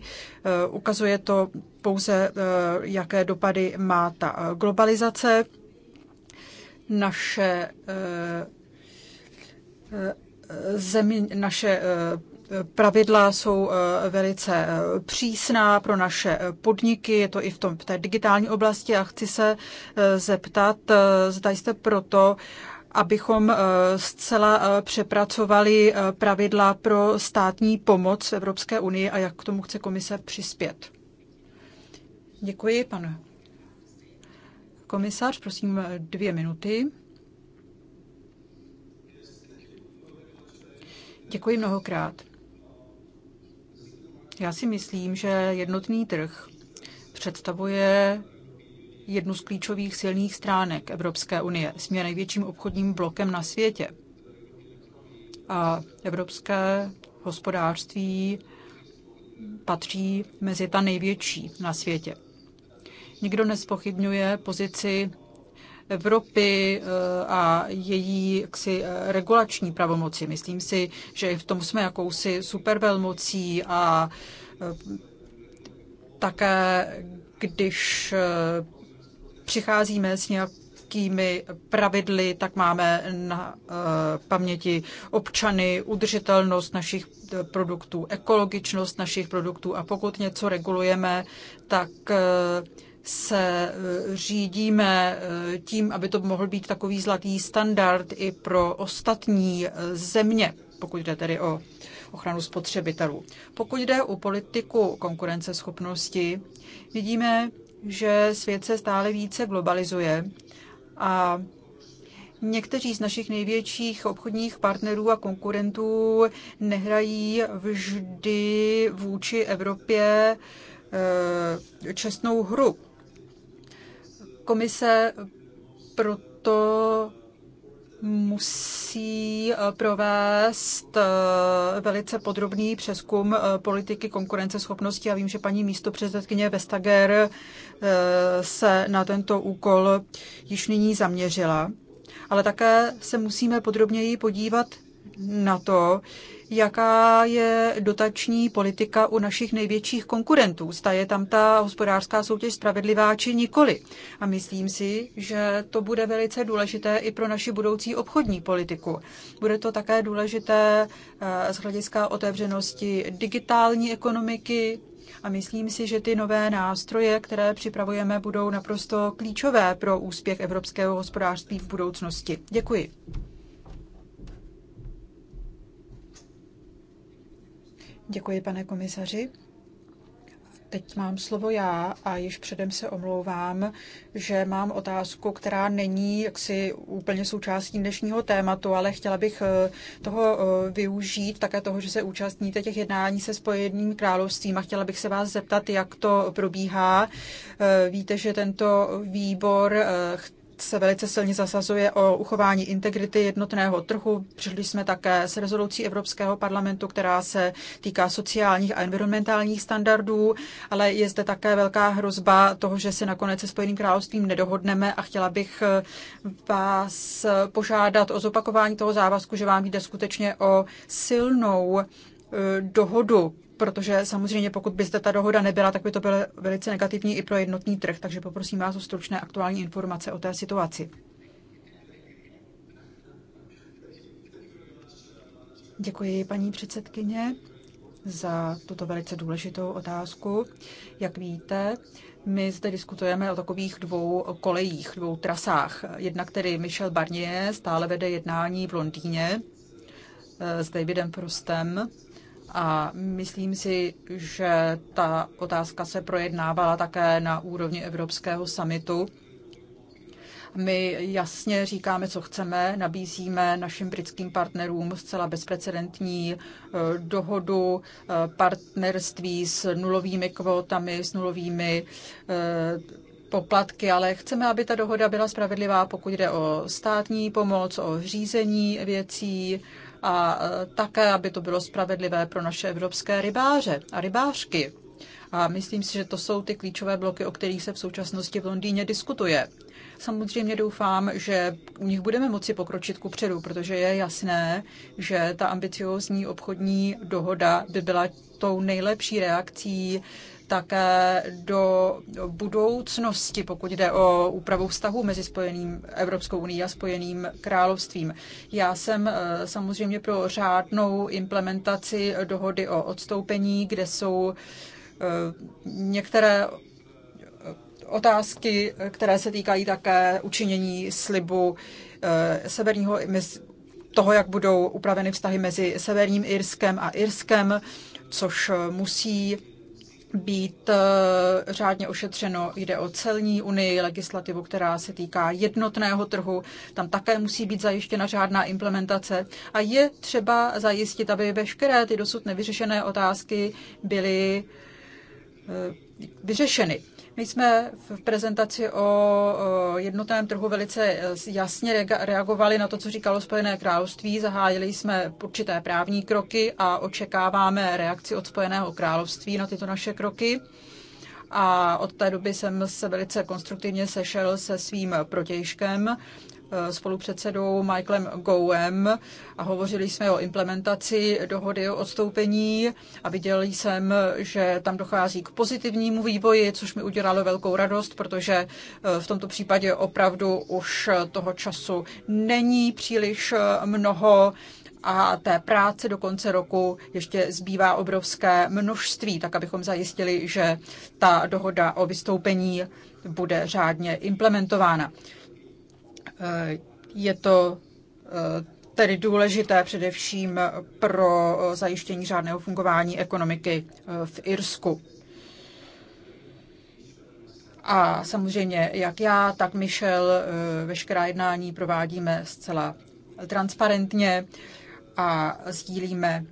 Ukazuje to pouze, jaké dopady má ta globalizace naše eh, eh, zemi, naše eh, pravidla jsou velice přísná pro naše podniky, je to i v, tom, v té digitální oblasti a chci se zeptat, zda jste proto, abychom zcela přepracovali pravidla pro státní pomoc v Evropské unii a jak k tomu chce komise přispět. Děkuji, pan komisař, prosím dvě minuty. Děkuji mnohokrát. Já si myslím, že jednotný trh představuje jednu z klíčových silných stránek Evropské unie. Jsme největším obchodním blokem na světě. A evropské hospodářství patří mezi ta největší na světě. Nikdo nespochybňuje pozici Evropy eh, a její jaksi, eh, regulační pravomoci. Myslím si, že v tom jsme jakousi supervelmocí a eh, také, když přicházíme s nějakými pravidly, tak máme na paměti občany, udržitelnost našich produktů, ekologičnost našich produktů a pokud něco regulujeme, tak se e, řídíme e, tím, aby to mohl být takový zlatý standard i pro ostatní e, země, pokud jde tedy o ochranu spotřebitelů. Pokud jde o politiku konkurenceschopnosti, vidíme, že svět se stále více globalizuje a Někteří z našich největších obchodních partnerů a konkurentů nehrají vždy vůči Evropě čestnou hru. Komise proto musí eh, provést eh, velice podrobný přeskum eh, politiky konkurenceschopnosti. Já vím, že paní místo předsedkyně Vestager se na tento úkol již nyní zaměřila. Ale také se musíme podrobněji podívat na to, jaká je dotační politika u našich největších konkurentů. Zda je tam ta hospodářská soutěž spravedlivá či nikoli. A myslím si, že to bude velice důležité i pro naši budoucí obchodní politiku. Bude to také důležité eh, z hlediska otevřenosti digitální ekonomiky, a myslím si, že ty nové nástroje, které připravujeme, budou naprosto klíčové pro úspěch evropského hospodářství v budoucnosti. Děkuji. Děkuji, pane komisaři. Teď mám slovo já a již předem se omlouvám, že mám otázku, která není jaksi úplně součástí dnešního tématu, ale chtěla bych eh, toho eh, využít, také toho, že se účastníte těch jednání se Spojeným královstvím a chtěla bych se vás zeptat, jak to probíhá. Eh, víte, že tento výbor se velice silně zasazuje o uchování integrity jednotného trhu. Přišli jsme také s rezolucí Evropského parlamentu, která se týká sociálních a environmentálních standardů, ale je zde také velká hrozba toho, že se nakonec se Spojeným královstvím nedohodneme a chtěla bych eh, vás požádat o zopakování toho závazku, že vám jde skutečně o silnou Eh, dohodu, protože samozřejmě pokud by zde ta dohoda nebyla, tak by to bylo velice negativní i pro jednotný trh, takže poprosím vás o stručné aktuální informace o té situaci. Děkuji, paní předsedkyně, za tuto velice důležitou otázku. Jak víte, my zde diskutujeme o takových dvou kolejích, dvou trasách. Jednak který Michel Barnier stále vede jednání v Londýně eh, s Davidem Prostem a myslím si, že ta otázka se projednávala také na úrovni Evropského samitu. My jasně říkáme, co chceme, nabízíme našim britským partnerům zcela bezprecedentní eh, dohodu, eh, partnerství s nulovými kvótami, s nulovými eh, poplatky, ale chceme, aby ta dohoda byla spravedlivá, pokud jde o státní pomoc, o řízení věcí, a e, také, aby to bylo spravedlivé pro naše evropské rybáře a rybářky. A myslím si, že to jsou ty klíčové bloky, o kterých se v současnosti v Londýně diskutuje. Samozřejmě doufám, že u nich budeme moci pokročit ku předu, protože je jasné, že ta ambiciózní obchodní dohoda by byla tou nejlepší reakcí také do budoucnosti, pokud jde o úpravu vztahu mezi spojeným Evropskou unii a spojeným královstvím. Já jsem eh, samozřejmě pro řádnou implementaci dohody o odstoupení, kde jsou eh, některé eh, otázky, které se týkají také učinění slibu severního toho, jak budou upraveny vztahy mezi Severním Irskem a Irskem, což musí být eh, řádně ošetřeno. Jde o celní unii, legislativu, která se týká jednotného trhu. Tam také musí být zajištěna řádná implementace. A je třeba zajistit, aby veškeré ty dosud nevyřešené otázky byly eh, vyřešeny. My jsme v prezentaci o jednotném trhu velice eh, jasně reagovali na to, co říkalo Spojené království. Zahájili jsme určité právní kroky a očekáváme reakci od Spojeného království na tyto naše kroky. A od té doby jsem se velice konstruktivně sešel se svým protějškem Eh, spolupředsedou Michaelem Gowem a hovořili jsme o implementaci dohody o odstoupení a viděl jsem, že tam dochází k pozitivnímu vývoji, což mi udělalo velkou radost, protože eh, v tomto případě opravdu už toho času není příliš eh, mnoho a té práce do konce roku ještě zbývá obrovské množství, tak abychom zajistili, že ta dohoda o vystoupení bude řádně implementována. Je to eh, tedy důležité především pro zajištění řádného fungování ekonomiky eh, v Irsku. A samozřejmě, jak já, tak Michel, eh, veškerá jednání provádíme zcela transparentně a sdílíme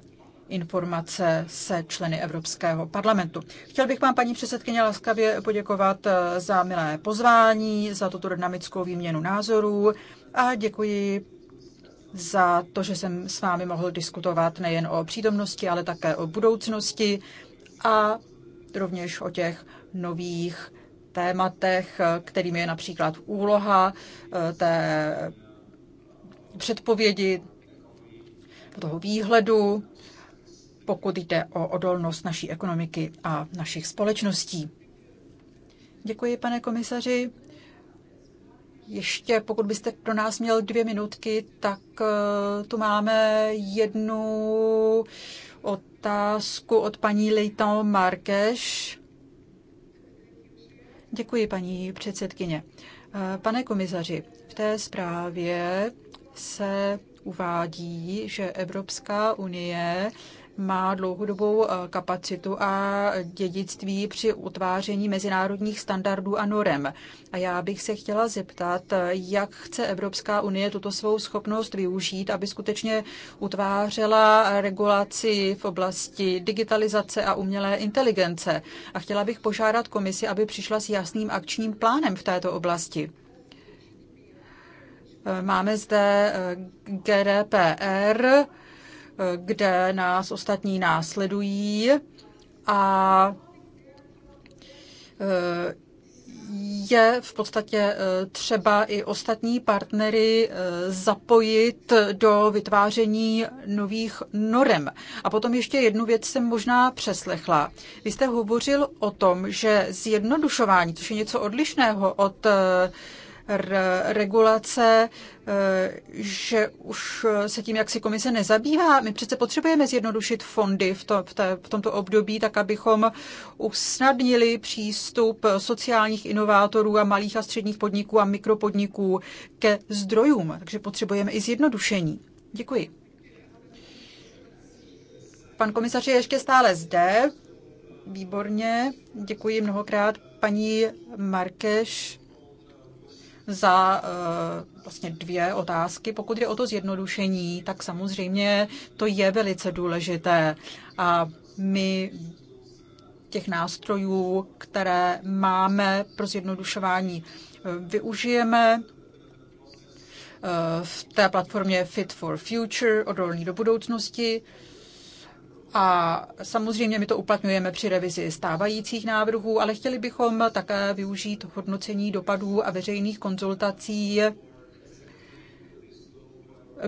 informace se členy Evropského parlamentu. Chtěl bych vám, paní předsedkyně, laskavě poděkovat eh, za milé pozvání, za tuto dynamickou výměnu názorů a děkuji za to, že jsem s vámi mohl diskutovat nejen o přítomnosti, ale také o budoucnosti a rovněž o těch nových tématech, kterým je například úloha eh, té předpovědi, toho výhledu pokud jde o odolnost naší ekonomiky a našich společností. Děkuji, pane komisaři. Ještě pokud byste pro nás měl dvě minutky, tak eh, tu máme jednu otázku od paní Leiton Markeš. Děkuji, paní předsedkyně. Eh, pane komisaři, v té zprávě se uvádí, že Evropská unie má dlouhodobou eh, kapacitu a dědictví při utváření mezinárodních standardů a norem. A já bych se chtěla zeptat, eh, jak chce Evropská unie tuto svou schopnost využít, aby skutečně utvářela regulaci v oblasti digitalizace a umělé inteligence. A chtěla bych požádat komisi, aby přišla s jasným akčním plánem v této oblasti. Eh, máme zde GDPR, kde nás ostatní následují a eh, je v podstatě eh, třeba i ostatní partnery eh, zapojit do vytváření nových norem. A potom ještě jednu věc jsem možná přeslechla. Vy jste hovořil o tom, že zjednodušování, což je něco odlišného od regulace, eh, že už se tím jaksi komise nezabývá. My přece potřebujeme zjednodušit fondy v, to, v, té, v tomto období, tak abychom usnadnili přístup sociálních inovátorů a malých a středních podniků a mikropodniků ke zdrojům. Takže potřebujeme i zjednodušení. Děkuji. Pan komisař je ještě stále zde. Výborně. Děkuji mnohokrát paní Markeš za eh, vlastně dvě otázky. Pokud je o to zjednodušení, tak samozřejmě to je velice důležité. A my těch nástrojů, které máme pro zjednodušování, eh, využijeme eh, v té platformě Fit for Future, odolný do budoucnosti. A samozřejmě my to uplatňujeme při revizi stávajících návrhů, ale chtěli bychom také využít hodnocení dopadů a veřejných konzultací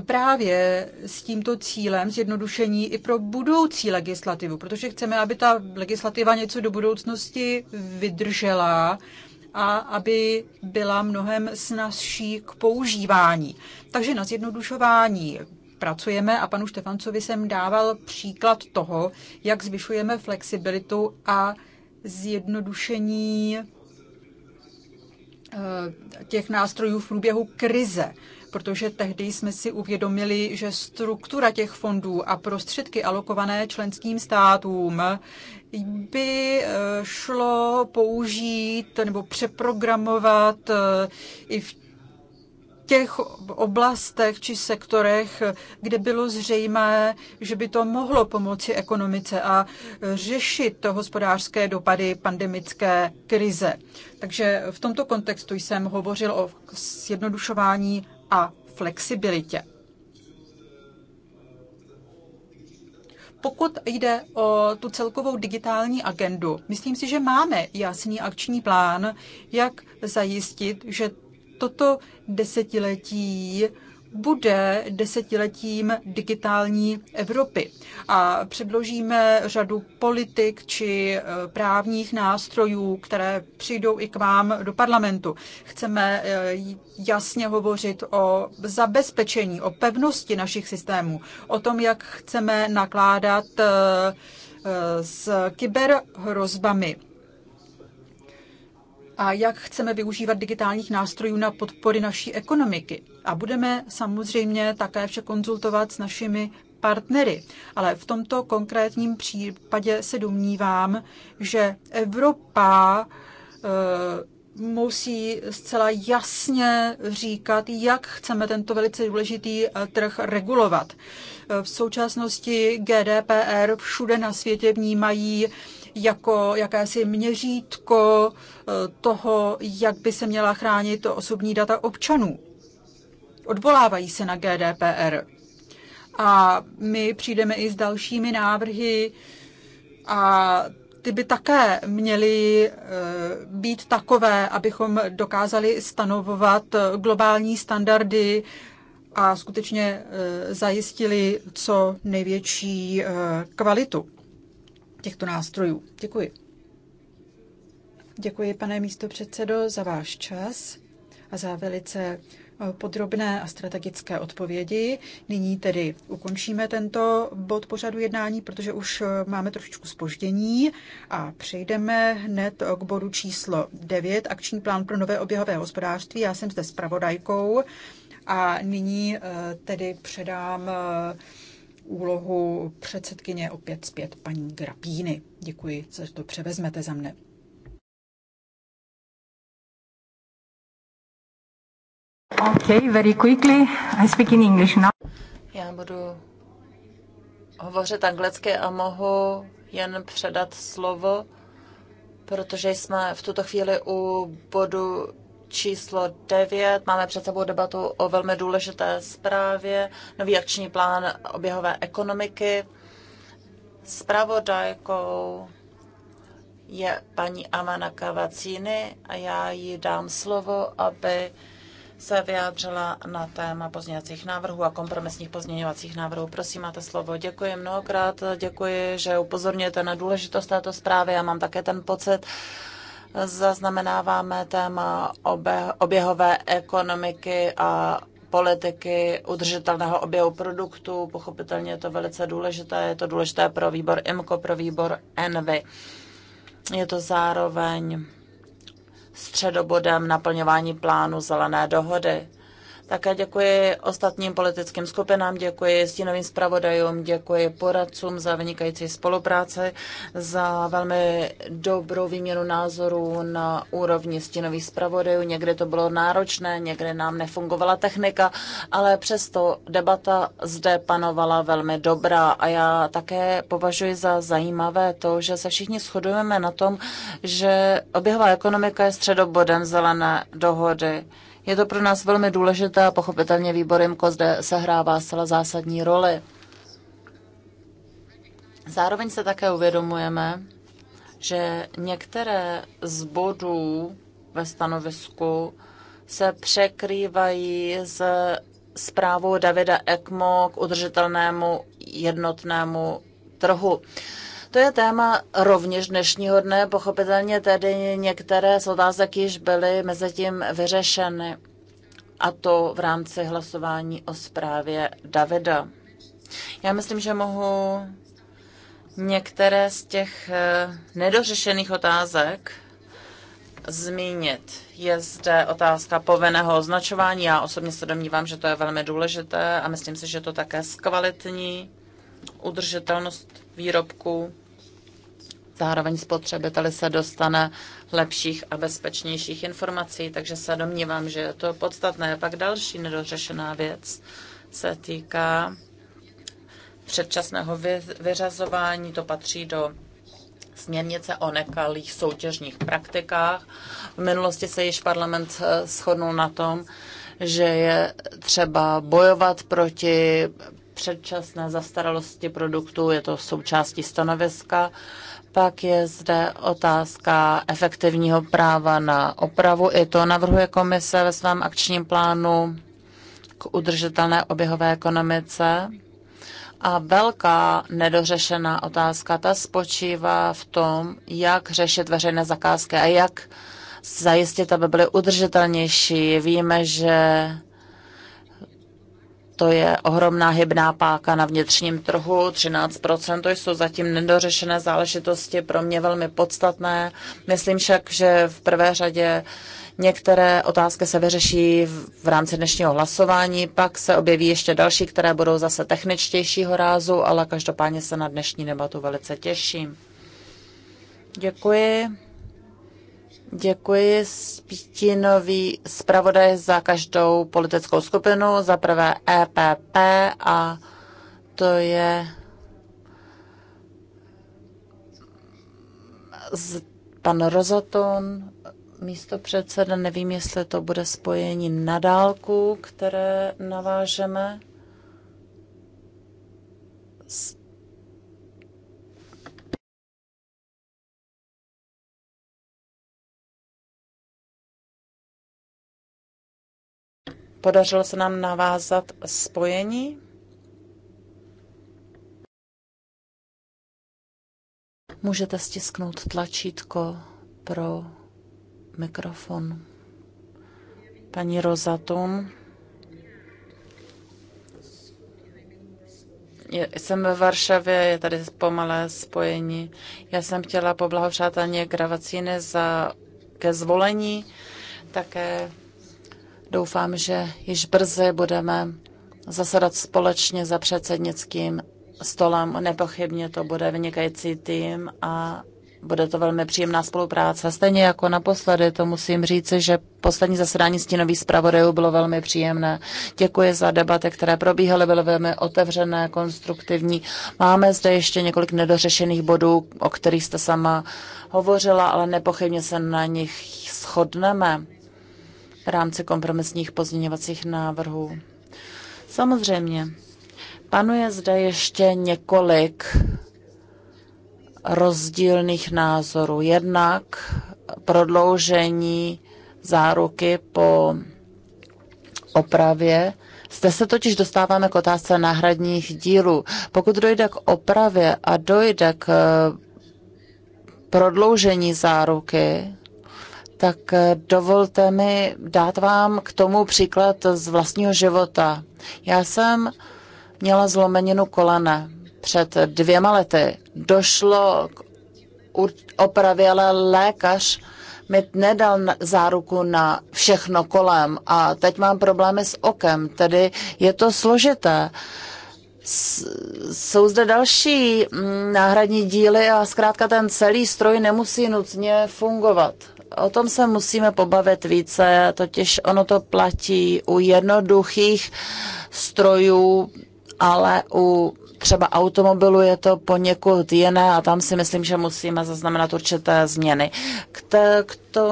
právě s tímto cílem zjednodušení i pro budoucí legislativu, protože chceme, aby ta legislativa něco do budoucnosti vydržela a aby byla mnohem snazší k používání. Takže na zjednodušování pracujeme a panu Štefancovi jsem dával příklad toho, jak zvyšujeme flexibilitu a zjednodušení eh, těch nástrojů v průběhu krize, protože tehdy jsme si uvědomili, že struktura těch fondů a prostředky alokované členským státům by eh, šlo použít nebo přeprogramovat eh, i v těch oblastech či sektorech, kde bylo zřejmé, že by to mohlo pomoci ekonomice a řešit to hospodářské dopady pandemické krize. Takže v tomto kontextu jsem hovořil o zjednodušování a flexibilitě. Pokud jde o tu celkovou digitální agendu, myslím si, že máme jasný akční plán, jak zajistit, že toto desetiletí bude desetiletím digitální Evropy a předložíme řadu politik či eh, právních nástrojů, které přijdou i k vám do parlamentu. Chceme eh, jasně hovořit o zabezpečení, o pevnosti našich systémů, o tom, jak chceme nakládat eh, s kyberhrozbami a jak chceme využívat digitálních nástrojů na podpory naší ekonomiky. A budeme samozřejmě také vše konzultovat s našimi partnery. Ale v tomto konkrétním případě se domnívám, že Evropa eh, musí zcela jasně říkat, jak chceme tento velice důležitý eh, trh regulovat. Eh, v současnosti GDPR všude na světě vnímají jako jakési měřítko eh, toho, jak by se měla chránit osobní data občanů. Odvolávají se na GDPR. A my přijdeme i s dalšími návrhy a ty by také měly eh, být takové, abychom dokázali stanovovat eh, globální standardy a skutečně zajistili co největší kvalitu těchto nástrojů. Děkuji. Děkuji, pane místopředsedo, za váš čas a za velice eh, podrobné a strategické odpovědi. Nyní tedy ukončíme tento bod pořadu jednání, protože už eh, máme trošičku spoždění a přejdeme hned k bodu číslo 9, akční plán pro nové oběhové hospodářství. Já jsem zde pravodajkou a nyní eh, tedy předám úlohu předsedkyně opět zpět paní Grapíny. Děkuji, že to převezmete za mne. Okay, very quickly. I speak in English now. Já budu hovořit anglicky a mohu jen předat slovo, protože jsme v tuto chvíli u bodu číslo 9. Máme před sebou debatu o velmi důležité zprávě, nový akční plán oběhové ekonomiky. Spravodajkou je paní Amana Kavacíny a já jí dám slovo, aby se vyjádřila na téma pozměňovacích návrhů a kompromisních pozměňovacích návrhů. Prosím, máte slovo. Děkuji mnohokrát, děkuji, že upozorňujete na důležitost této zprávy. Já mám také ten pocit, zaznamenáváme téma obe, oběhové ekonomiky a politiky udržitelného oběhu produktů. Pochopitelně je to velice důležité. Je to důležité pro výbor IMCO, pro výbor ENVY. Je to zároveň středobodem naplňování plánu zelené dohody. Také děkuji ostatním politickým skupinám, děkuji stínovým zpravodajům, děkuji poradcům za vynikající spolupráci, za velmi dobrou výměnu názorů na úrovni stínových zpravodajů. Někdy to bylo náročné, někdy nám nefungovala technika, ale přesto debata zde panovala velmi dobrá a já také považuji za zajímavé to, že se všichni shodujeme na tom, že oběhová ekonomika je středobodem zelené dohody. Je to pro nás velmi důležité a pochopitelně výbor IMCO zde sehrává zcela zásadní roli. Zároveň se také uvědomujeme, že některé z bodů ve stanovisku se překrývají s zprávou Davida Ekmo k udržitelnému jednotnému trhu. To je téma rovněž dnešního dne, pochopitelně tedy některé z otázek již byly mezi tím vyřešeny, a to v rámci hlasování o zprávě Davida. Já myslím, že mohu některé z těch eh, nedořešených otázek zmínit. Je zde otázka povinného označování. Já osobně se domnívám, že to je velmi důležité a myslím si, že to také zkvalitní udržitelnost výrobků. Zároveň spotřebiteli se dostane lepších a bezpečnějších informací, takže se domnívám, že je to podstatné. Pak další nedořešená věc se týká předčasného vyřazování. To patří do směrnice o nekalých soutěžních praktikách. V minulosti se již parlament eh, shodnul na tom, že je třeba bojovat proti předčasné zastaralosti produktů, je to součástí stanoviska. Pak je zde otázka efektivního práva na opravu. I to navrhuje komise ve svém akčním plánu k udržitelné oběhové ekonomice. A velká nedořešená otázka, ta spočívá v tom, jak řešit veřejné zakázky a jak zajistit, aby byly udržitelnější. Víme, že to je ohromná hybná páka na vnitřním trhu, 13% to jsou zatím nedořešené záležitosti, pro mě velmi podstatné. Myslím však, že v prvé řadě Některé otázky se vyřeší v rámci dnešního hlasování, pak se objeví ještě další, které budou zase techničtějšího rázu, ale každopádně se na dnešní debatu velice těším. Děkuji. Děkuji stínový zpravodaj za každou politickou skupinu, za prvé EPP a to je z pan Rozaton, místo předseda, nevím, jestli to bude spojení na dálku, které navážeme s Podařilo se nám navázat spojení? Můžete stisknout tlačítko pro mikrofon. Paní Rozatum. jsem ve Varšavě, je tady pomalé spojení. Já jsem chtěla poblahopřát Aně Gravacíny za ke zvolení, také Doufám, že již brzy budeme zasedat společně za předsednickým stolem. Nepochybně to bude vynikající tým a bude to velmi příjemná spolupráce. Stejně jako naposledy, to musím říci, že poslední zasedání stínových zpravodajů bylo velmi příjemné. Děkuji za debaty, které probíhaly, byly velmi otevřené, konstruktivní. Máme zde ještě několik nedořešených bodů, o kterých jste sama hovořila, ale nepochybně se na nich shodneme v rámci kompromisních pozměňovacích návrhů. Samozřejmě, panuje zde ještě několik rozdílných názorů. Jednak prodloužení záruky po opravě. Zde se totiž dostáváme k otázce náhradních dílů. Pokud dojde k opravě a dojde k prodloužení záruky, tak eh, dovolte mi dát vám k tomu příklad z vlastního života. Já jsem měla zlomeninu kolena před dvěma lety. Došlo k opravě, ale lékař mi nedal záruku na všechno kolem a teď mám problémy s okem, tedy je to složité. Jsou zde další mm, náhradní díly a zkrátka ten celý stroj nemusí nutně fungovat o tom se musíme pobavit více, totiž ono to platí u jednoduchých strojů, ale u třeba automobilu je to poněkud jiné a tam si myslím, že musíme zaznamenat určité změny. K té, k to,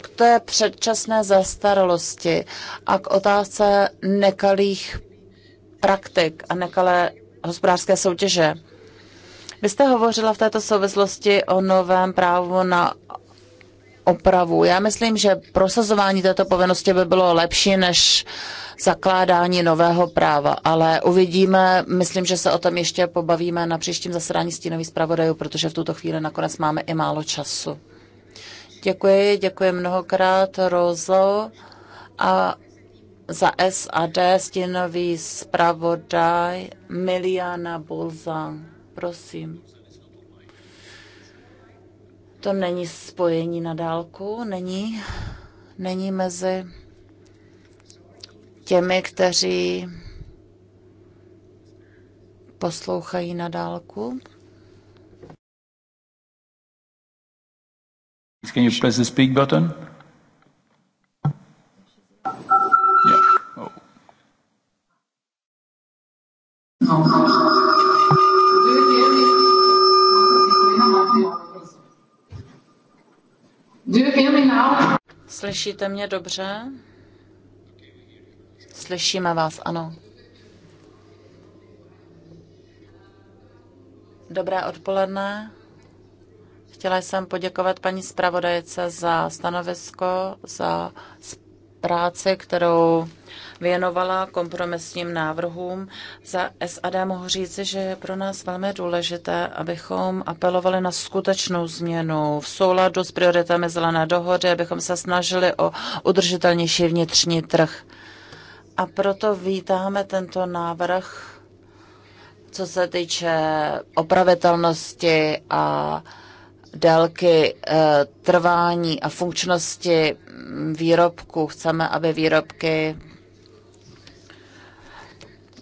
k té předčasné zastaralosti a k otázce nekalých praktik a nekalé hospodářské soutěže. Vy jste hovořila v této souvislosti o novém právu na opravu. Já myslím, že prosazování této povinnosti by bylo lepší než zakládání nového práva, ale uvidíme, myslím, že se o tom ještě pobavíme na příštím zasedání stínových zpravodajů, protože v tuto chvíli nakonec máme i málo času. Děkuji, děkuji mnohokrát, Rozo. A za SAD stínový zpravodaj Miliana Bolzan. Prosím. To není spojení na dálku, není, není mezi těmi, kteří poslouchají na dálku. Can you press the speak button? Yeah. Oh. Do you hear me now? Slyšíte mě dobře? Slyšíme vás, ano. Dobré odpoledne. Chtěla jsem poděkovat paní zpravodajce za stanovisko, za práci, kterou věnovala kompromisním návrhům. Za SAD mohu říci, že je pro nás velmi důležité, abychom apelovali na skutečnou změnu v souladu s prioritami zelené dohody, abychom se snažili o udržitelnější vnitřní trh. A proto vítáme tento návrh, co se týče opravitelnosti a délky eh, trvání a funkčnosti výrobku. Chceme, aby výrobky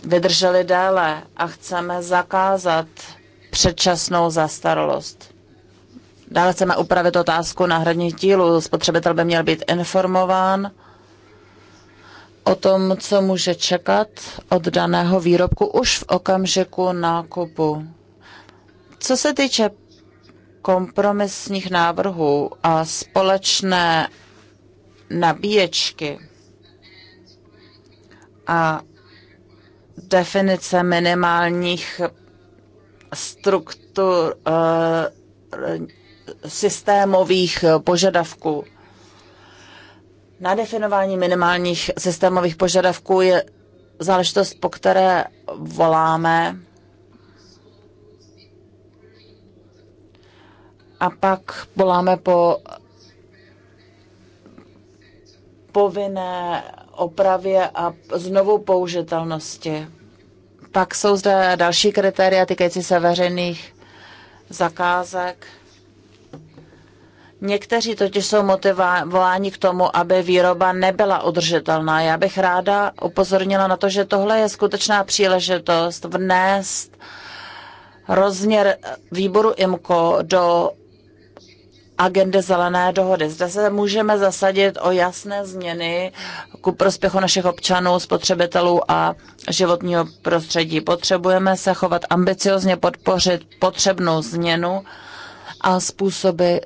vydrželi déle a chceme zakázat předčasnou zastaralost. Dále chceme upravit otázku náhradních dílů. Spotřebitel by měl být informován o tom, co může čekat od daného výrobku už v okamžiku nákupu. Co se týče kompromisních návrhů a společné nabíječky a definice minimálních struktur eh, systémových požadavků. Na definování minimálních systémových požadavků je záležitost, po které voláme. A pak voláme po povinné opravě a znovu použitelnosti. Pak jsou zde další kritéria týkající se veřejných zakázek. Někteří totiž jsou motivováni k tomu, aby výroba nebyla udržitelná. Já bych ráda upozornila na to, že tohle je skutečná příležitost vnést rozměr výboru IMCO do agendy zelené dohody. Zde se můžeme zasadit o jasné změny ku prospěchu našich občanů, spotřebitelů a životního prostředí. Potřebujeme se chovat ambiciozně, podpořit potřebnou změnu a způsoby eh,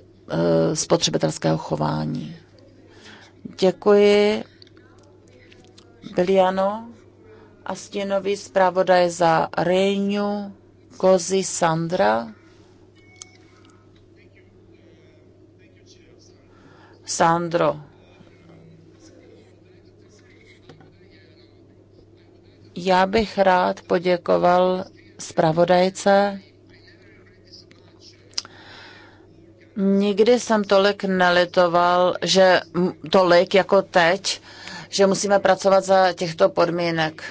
spotřebitelského chování. Děkuji, Biliano a stínový zpravodaj za Reňu Kozi Sandra. Sandro. Já bych rád poděkoval zpravodajce. Nikdy jsem tolik nelitoval, že tolik jako teď, že musíme pracovat za těchto podmínek.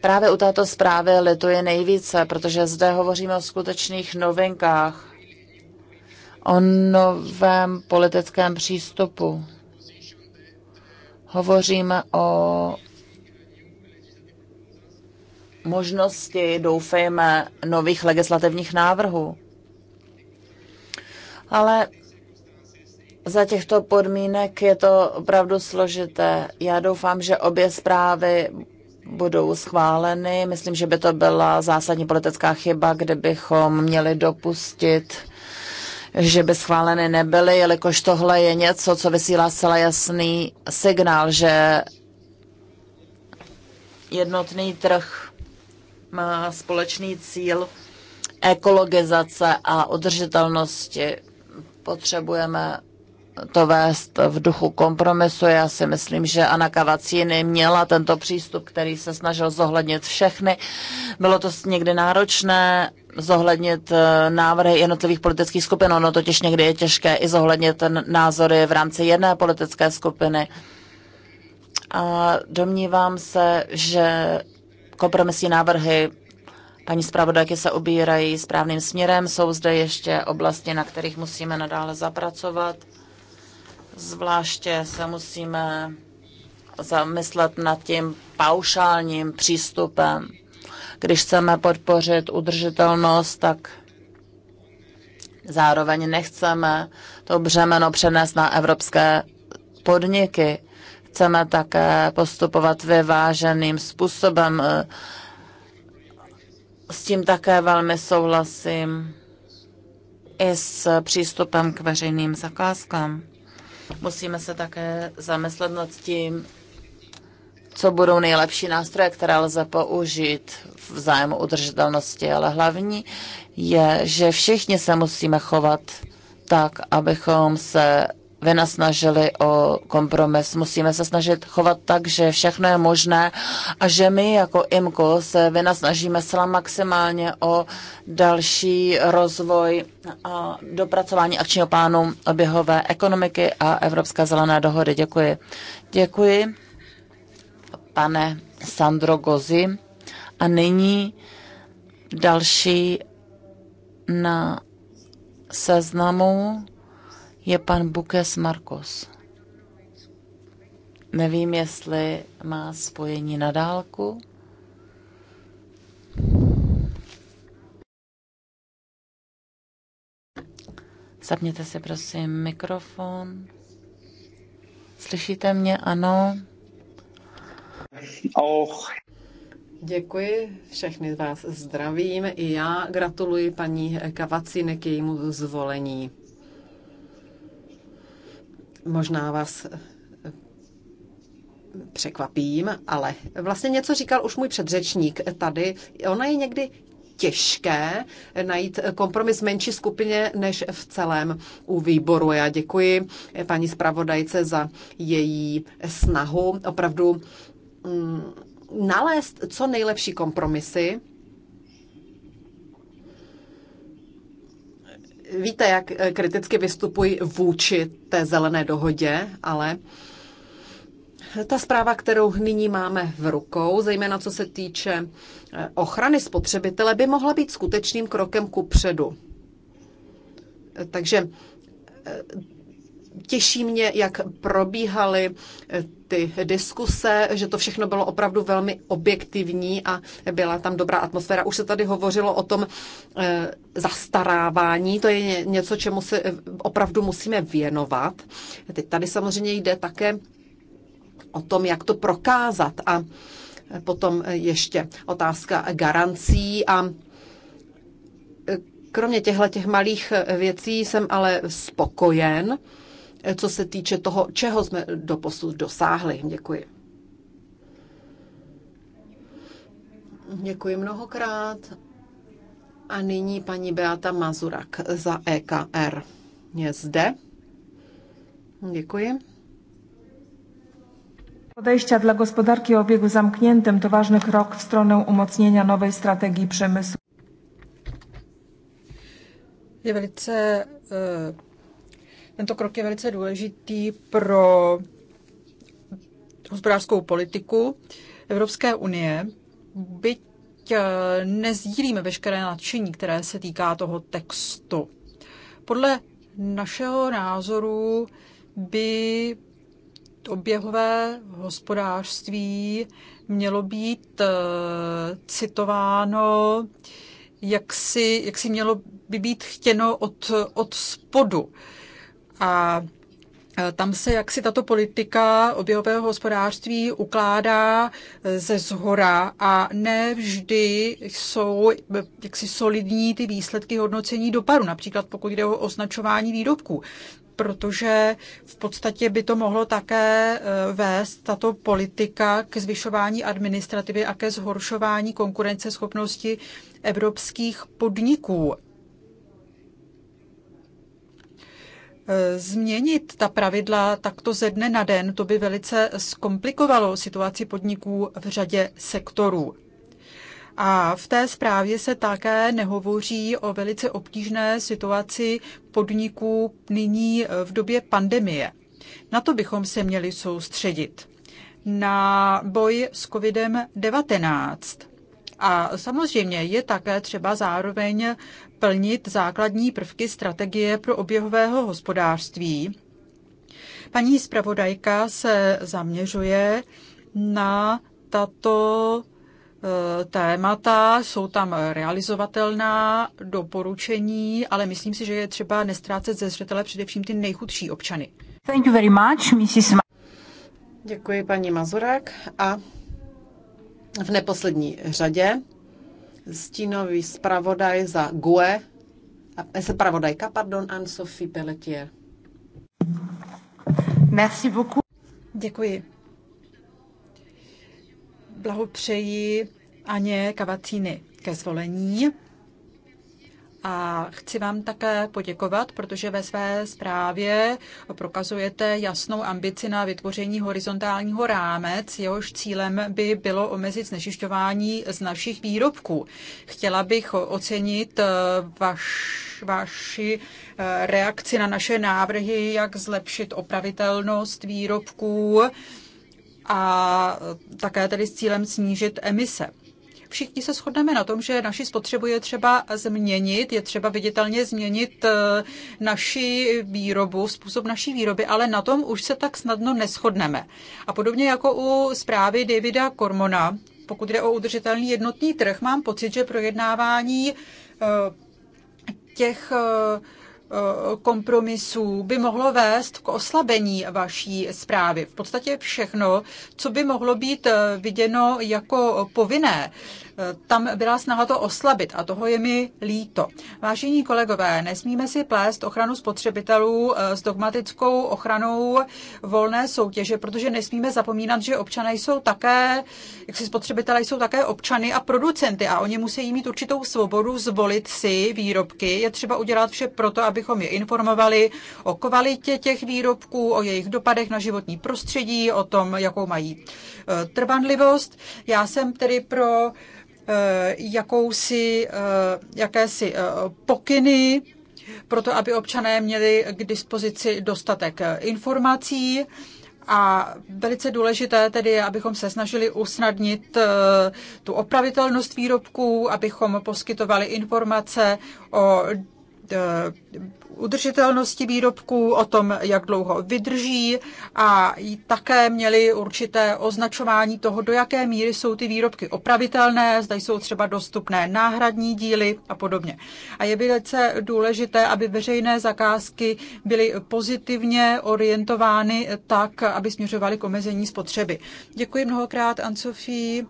Právě u této zprávy lituji nejvíce, protože zde hovoříme o skutečných novinkách o novém politickém přístupu. Hovoříme o možnosti, doufejme, nových legislativních návrhů. Ale za těchto podmínek je to opravdu složité. Já doufám, že obě zprávy budou schváleny. Myslím, že by to byla zásadní politická chyba, kdybychom měli dopustit že by schváleny nebyly, jelikož tohle je něco, co vysílá zcela jasný signál, že jednotný trh má společný cíl ekologizace a udržitelnosti. Potřebujeme to vést v duchu kompromisu. Já si myslím, že Anna Cavazzini měla tento přístup, který se snažil zohlednit všechny. Bylo to někdy náročné zohlednit eh, návrhy jednotlivých politických skupin. Ono totiž někdy je těžké i zohlednit názory v rámci jedné politické skupiny. A domnívám se, že kompromisní návrhy paní zpravodajky se ubírají správným směrem. Jsou zde ještě oblasti, na kterých musíme nadále zapracovat. Zvláště se musíme zamyslet nad tím paušálním přístupem. Když chceme podpořit udržitelnost, tak zároveň nechceme to břemeno přenést na evropské podniky. Chceme také postupovat vyváženým způsobem. S tím také velmi souhlasím i s přístupem k veřejným zakázkám. Musíme se také zamyslet nad tím, co budou nejlepší nástroje, které lze použít v zájmu udržitelnosti, ale hlavní je, že všichni se musíme chovat tak, abychom se vynasnažili o kompromis. Musíme se snažit chovat tak, že všechno je možné a že my jako IMCO se vynasnažíme zcela maximálně o další rozvoj a dopracování akčního plánu oběhové ekonomiky a Evropská zelená dohody. Děkuji. Děkuji, pane Sandro Gozi. A nyní další na seznamu je pan Bukes Markos. Nevím, jestli má spojení na dálku. Zapněte si prosím mikrofon. Slyšíte mě? Ano. Och. Děkuji, všechny vás zdravím. I já gratuluji paní Kavacínek k jejímu zvolení. Možná vás eh, překvapím, ale vlastně něco říkal už můj předřečník tady. Ona je někdy těžké najít eh, kompromis v menší skupině než v celém u výboru. Já děkuji eh, paní zpravodajce za její snahu opravdu mm, nalézt co nejlepší kompromisy víte, jak eh, kriticky vystupuji vůči té zelené dohodě, ale ta zpráva, kterou nyní máme v rukou, zejména co se týče eh, ochrany spotřebitele, by mohla být skutečným krokem ku předu. Eh, takže těší mě, jak probíhaly eh, ty diskuse, že to všechno bylo opravdu velmi objektivní a byla tam dobrá atmosféra. Už se tady hovořilo o tom eh, zastarávání, to je něco, čemu se eh, opravdu musíme věnovat. Teď tady samozřejmě jde také o tom, jak to prokázat a potom ještě otázka garancí a kromě těchto těch malých věcí jsem ale spokojen, co se týče toho, čeho jsme doposud dosáhli. Děkuji. Děkuji mnohokrát. A nyní paní Beata Mazurak za EKR. Je zde. Děkuji. Podejścia dla gospodarki o obiegu zamkniętym to ważny krok w stronę umocnienia nowej strategii przemysłu. Je velice uh tento krok je velice důležitý pro hospodářskou politiku Evropské unie, byť eh, nezdílíme veškeré nadšení, které se týká toho textu. Podle našeho názoru by oběhové hospodářství mělo být eh, citováno, jak si, jak si mělo by být chtěno od, od spodu. A e, tam se jaksi tato politika oběhového hospodářství ukládá e, ze zhora a ne vždy jsou e, jaksi solidní ty výsledky hodnocení dopadu, například pokud jde o označování výrobků protože v podstatě by to mohlo také vést tato politika k zvyšování administrativy a ke zhoršování konkurenceschopnosti evropských podniků. Eh, změnit ta pravidla takto ze dne na den, to by velice zkomplikovalo situaci podniků v řadě sektorů. A v té zprávě se také nehovoří o velice obtížné situaci podniků nyní eh, v době pandemie. Na to bychom se měli soustředit. Na boj s COVID-19. A samozřejmě je také třeba zároveň plnit základní prvky strategie pro oběhového hospodářství. Paní zpravodajka se zaměřuje na tato eh, témata, jsou tam realizovatelná doporučení, ale myslím si, že je třeba nestrácet ze zřetele především ty nejchudší občany. Thank you very much, Mrs. Ma- Děkuji paní Mazurek a v neposlední řadě stínový zpravodaj za GUE, eh, zpravodajka, pardon, Anne-Sophie Pelletier. Merci beaucoup. Děkuji. Blahopřeji Aně Kavacíny ke zvolení. A chci vám také poděkovat, protože ve své zprávě prokazujete jasnou ambici na vytvoření horizontálního rámec, jehož cílem by bylo omezit znečišťování z našich výrobků. Chtěla bych ocenit eh, vaš, vaši eh, reakci na naše návrhy, jak zlepšit opravitelnost výrobků a také tedy s cílem snížit emise. Všichni se shodneme na tom, že naši spotřebu je třeba změnit, je třeba viditelně změnit eh, naši výrobu, způsob naší výroby, ale na tom už se tak snadno neschodneme. A podobně jako u zprávy Davida Kormona, pokud jde o udržitelný jednotný trh, mám pocit, že projednávání eh, těch eh, kompromisů by mohlo vést k oslabení vaší zprávy. V podstatě všechno, co by mohlo být viděno jako povinné, Eh, tam byla snaha to oslabit a toho je mi líto. Vážení kolegové, nesmíme si plést ochranu spotřebitelů eh, s dogmatickou ochranou volné soutěže, protože nesmíme zapomínat, že občané jsou také, jak si spotřebitelé jsou také občany a producenty a oni musí mít určitou svobodu zvolit si výrobky. Je třeba udělat vše proto, abychom je informovali o kvalitě těch výrobků, o jejich dopadech na životní prostředí, o tom, jakou mají eh, trvanlivost. Já jsem tedy pro Eh, jakousi, eh, jakési eh, pokyny proto aby občané měli k dispozici dostatek informací. A velice důležité tedy je, abychom se snažili usnadnit tu opravitelnost výrobků, abychom poskytovali informace o Eh, udržitelnosti výrobků, o tom, jak dlouho vydrží a také měli určité označování toho, do jaké míry jsou ty výrobky opravitelné, zda jsou třeba dostupné náhradní díly a podobně. A je velice důležité, aby veřejné zakázky byly pozitivně orientovány tak, aby směřovaly k omezení spotřeby. Děkuji mnohokrát, Ansofí.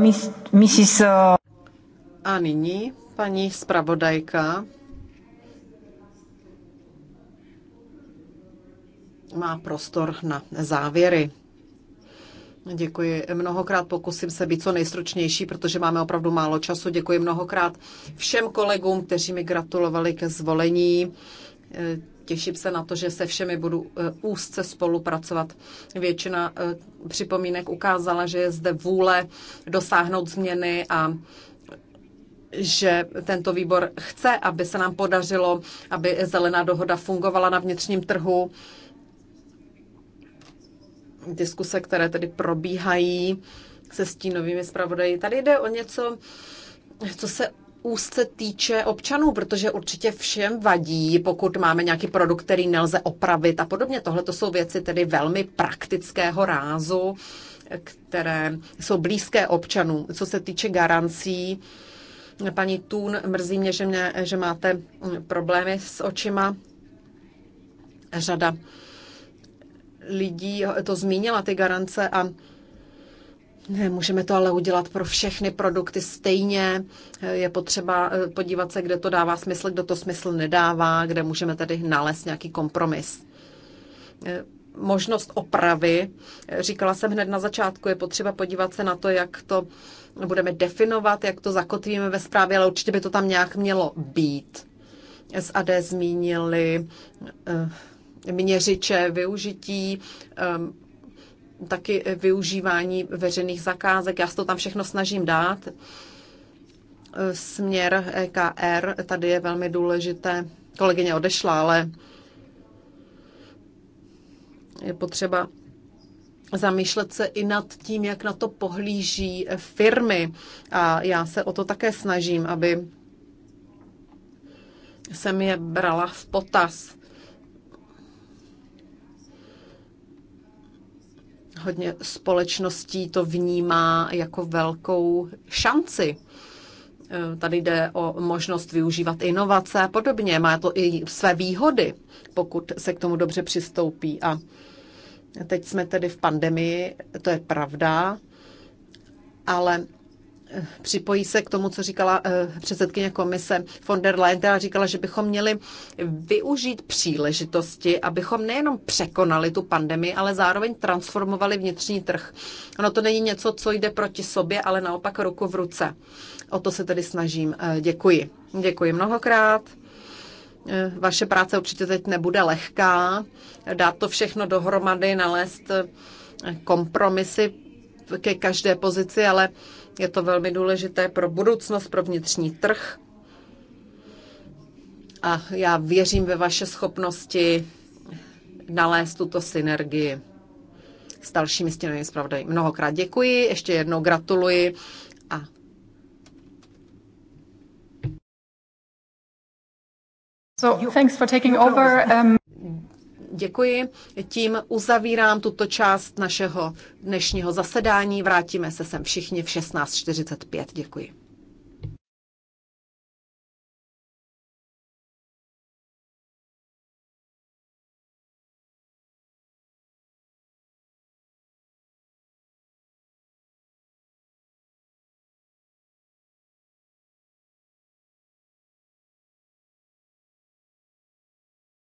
Uh, Mrs. Uh... A nyní paní zpravodajka má prostor na závěry. Děkuji mnohokrát, pokusím se být co nejstručnější, protože máme opravdu málo času. Děkuji mnohokrát všem kolegům, kteří mi gratulovali ke zvolení. Těším se na to, že se všemi budu eh, úzce spolupracovat. Většina eh, připomínek ukázala, že je zde vůle dosáhnout změny a že tento výbor chce, aby se nám podařilo, aby zelená dohoda fungovala na vnitřním trhu diskuse, které tedy probíhají se stínovými zpravodaji. Tady jde o něco, co se úzce týče občanů, protože určitě všem vadí, pokud máme nějaký produkt, který nelze opravit a podobně. Tohle to jsou věci tedy velmi praktického rázu, které jsou blízké občanům. Co se týče garancí, paní Tun, mrzí mě, že, mě, že máte problémy s očima. Řada lidí to zmínila, ty garance a Můžeme to ale udělat pro všechny produkty stejně. Je potřeba eh, podívat se, kde to dává smysl, kdo to smysl nedává, kde můžeme tedy nalézt nějaký kompromis. Eh, možnost opravy, eh, říkala jsem hned na začátku, je potřeba podívat se na to, jak to budeme definovat, jak to zakotvíme ve zprávě, ale určitě by to tam nějak mělo být. SAD zmínili měřiče využití, ehm, taky využívání veřejných zakázek. Já se to tam všechno snažím dát. Eh, směr EKR, tady je velmi důležité. Kolegyně odešla, ale je potřeba zamýšlet se i nad tím, jak na to pohlíží firmy. A já se o to také snažím, aby jsem je brala v potaz. hodně společností to vnímá jako velkou šanci. Eh, tady jde o možnost využívat inovace a podobně. Má to i své výhody, pokud se k tomu dobře přistoupí. A teď jsme tedy v pandemii, to je pravda, ale připojí se k tomu, co říkala eh, předsedkyně komise von der Leyen, která říkala, že bychom měli využít příležitosti, abychom nejenom překonali tu pandemii, ale zároveň transformovali vnitřní trh. Ono to není něco, co jde proti sobě, ale naopak ruku v ruce. O to se tedy snažím. Eh, děkuji. Děkuji mnohokrát. Eh, vaše práce určitě teď nebude lehká. Dát to všechno dohromady, nalézt kompromisy ke každé pozici, ale je to velmi důležité pro budoucnost, pro vnitřní trh. A já věřím ve vaše schopnosti nalézt tuto synergii s dalšími stěnami zpravodají. Mnohokrát děkuji, ještě jednou gratuluji a So, thanks for taking over. Um... Děkuji. Tím uzavírám tuto část našeho dnešního zasedání. Vrátíme se sem všichni v 16.45. Děkuji.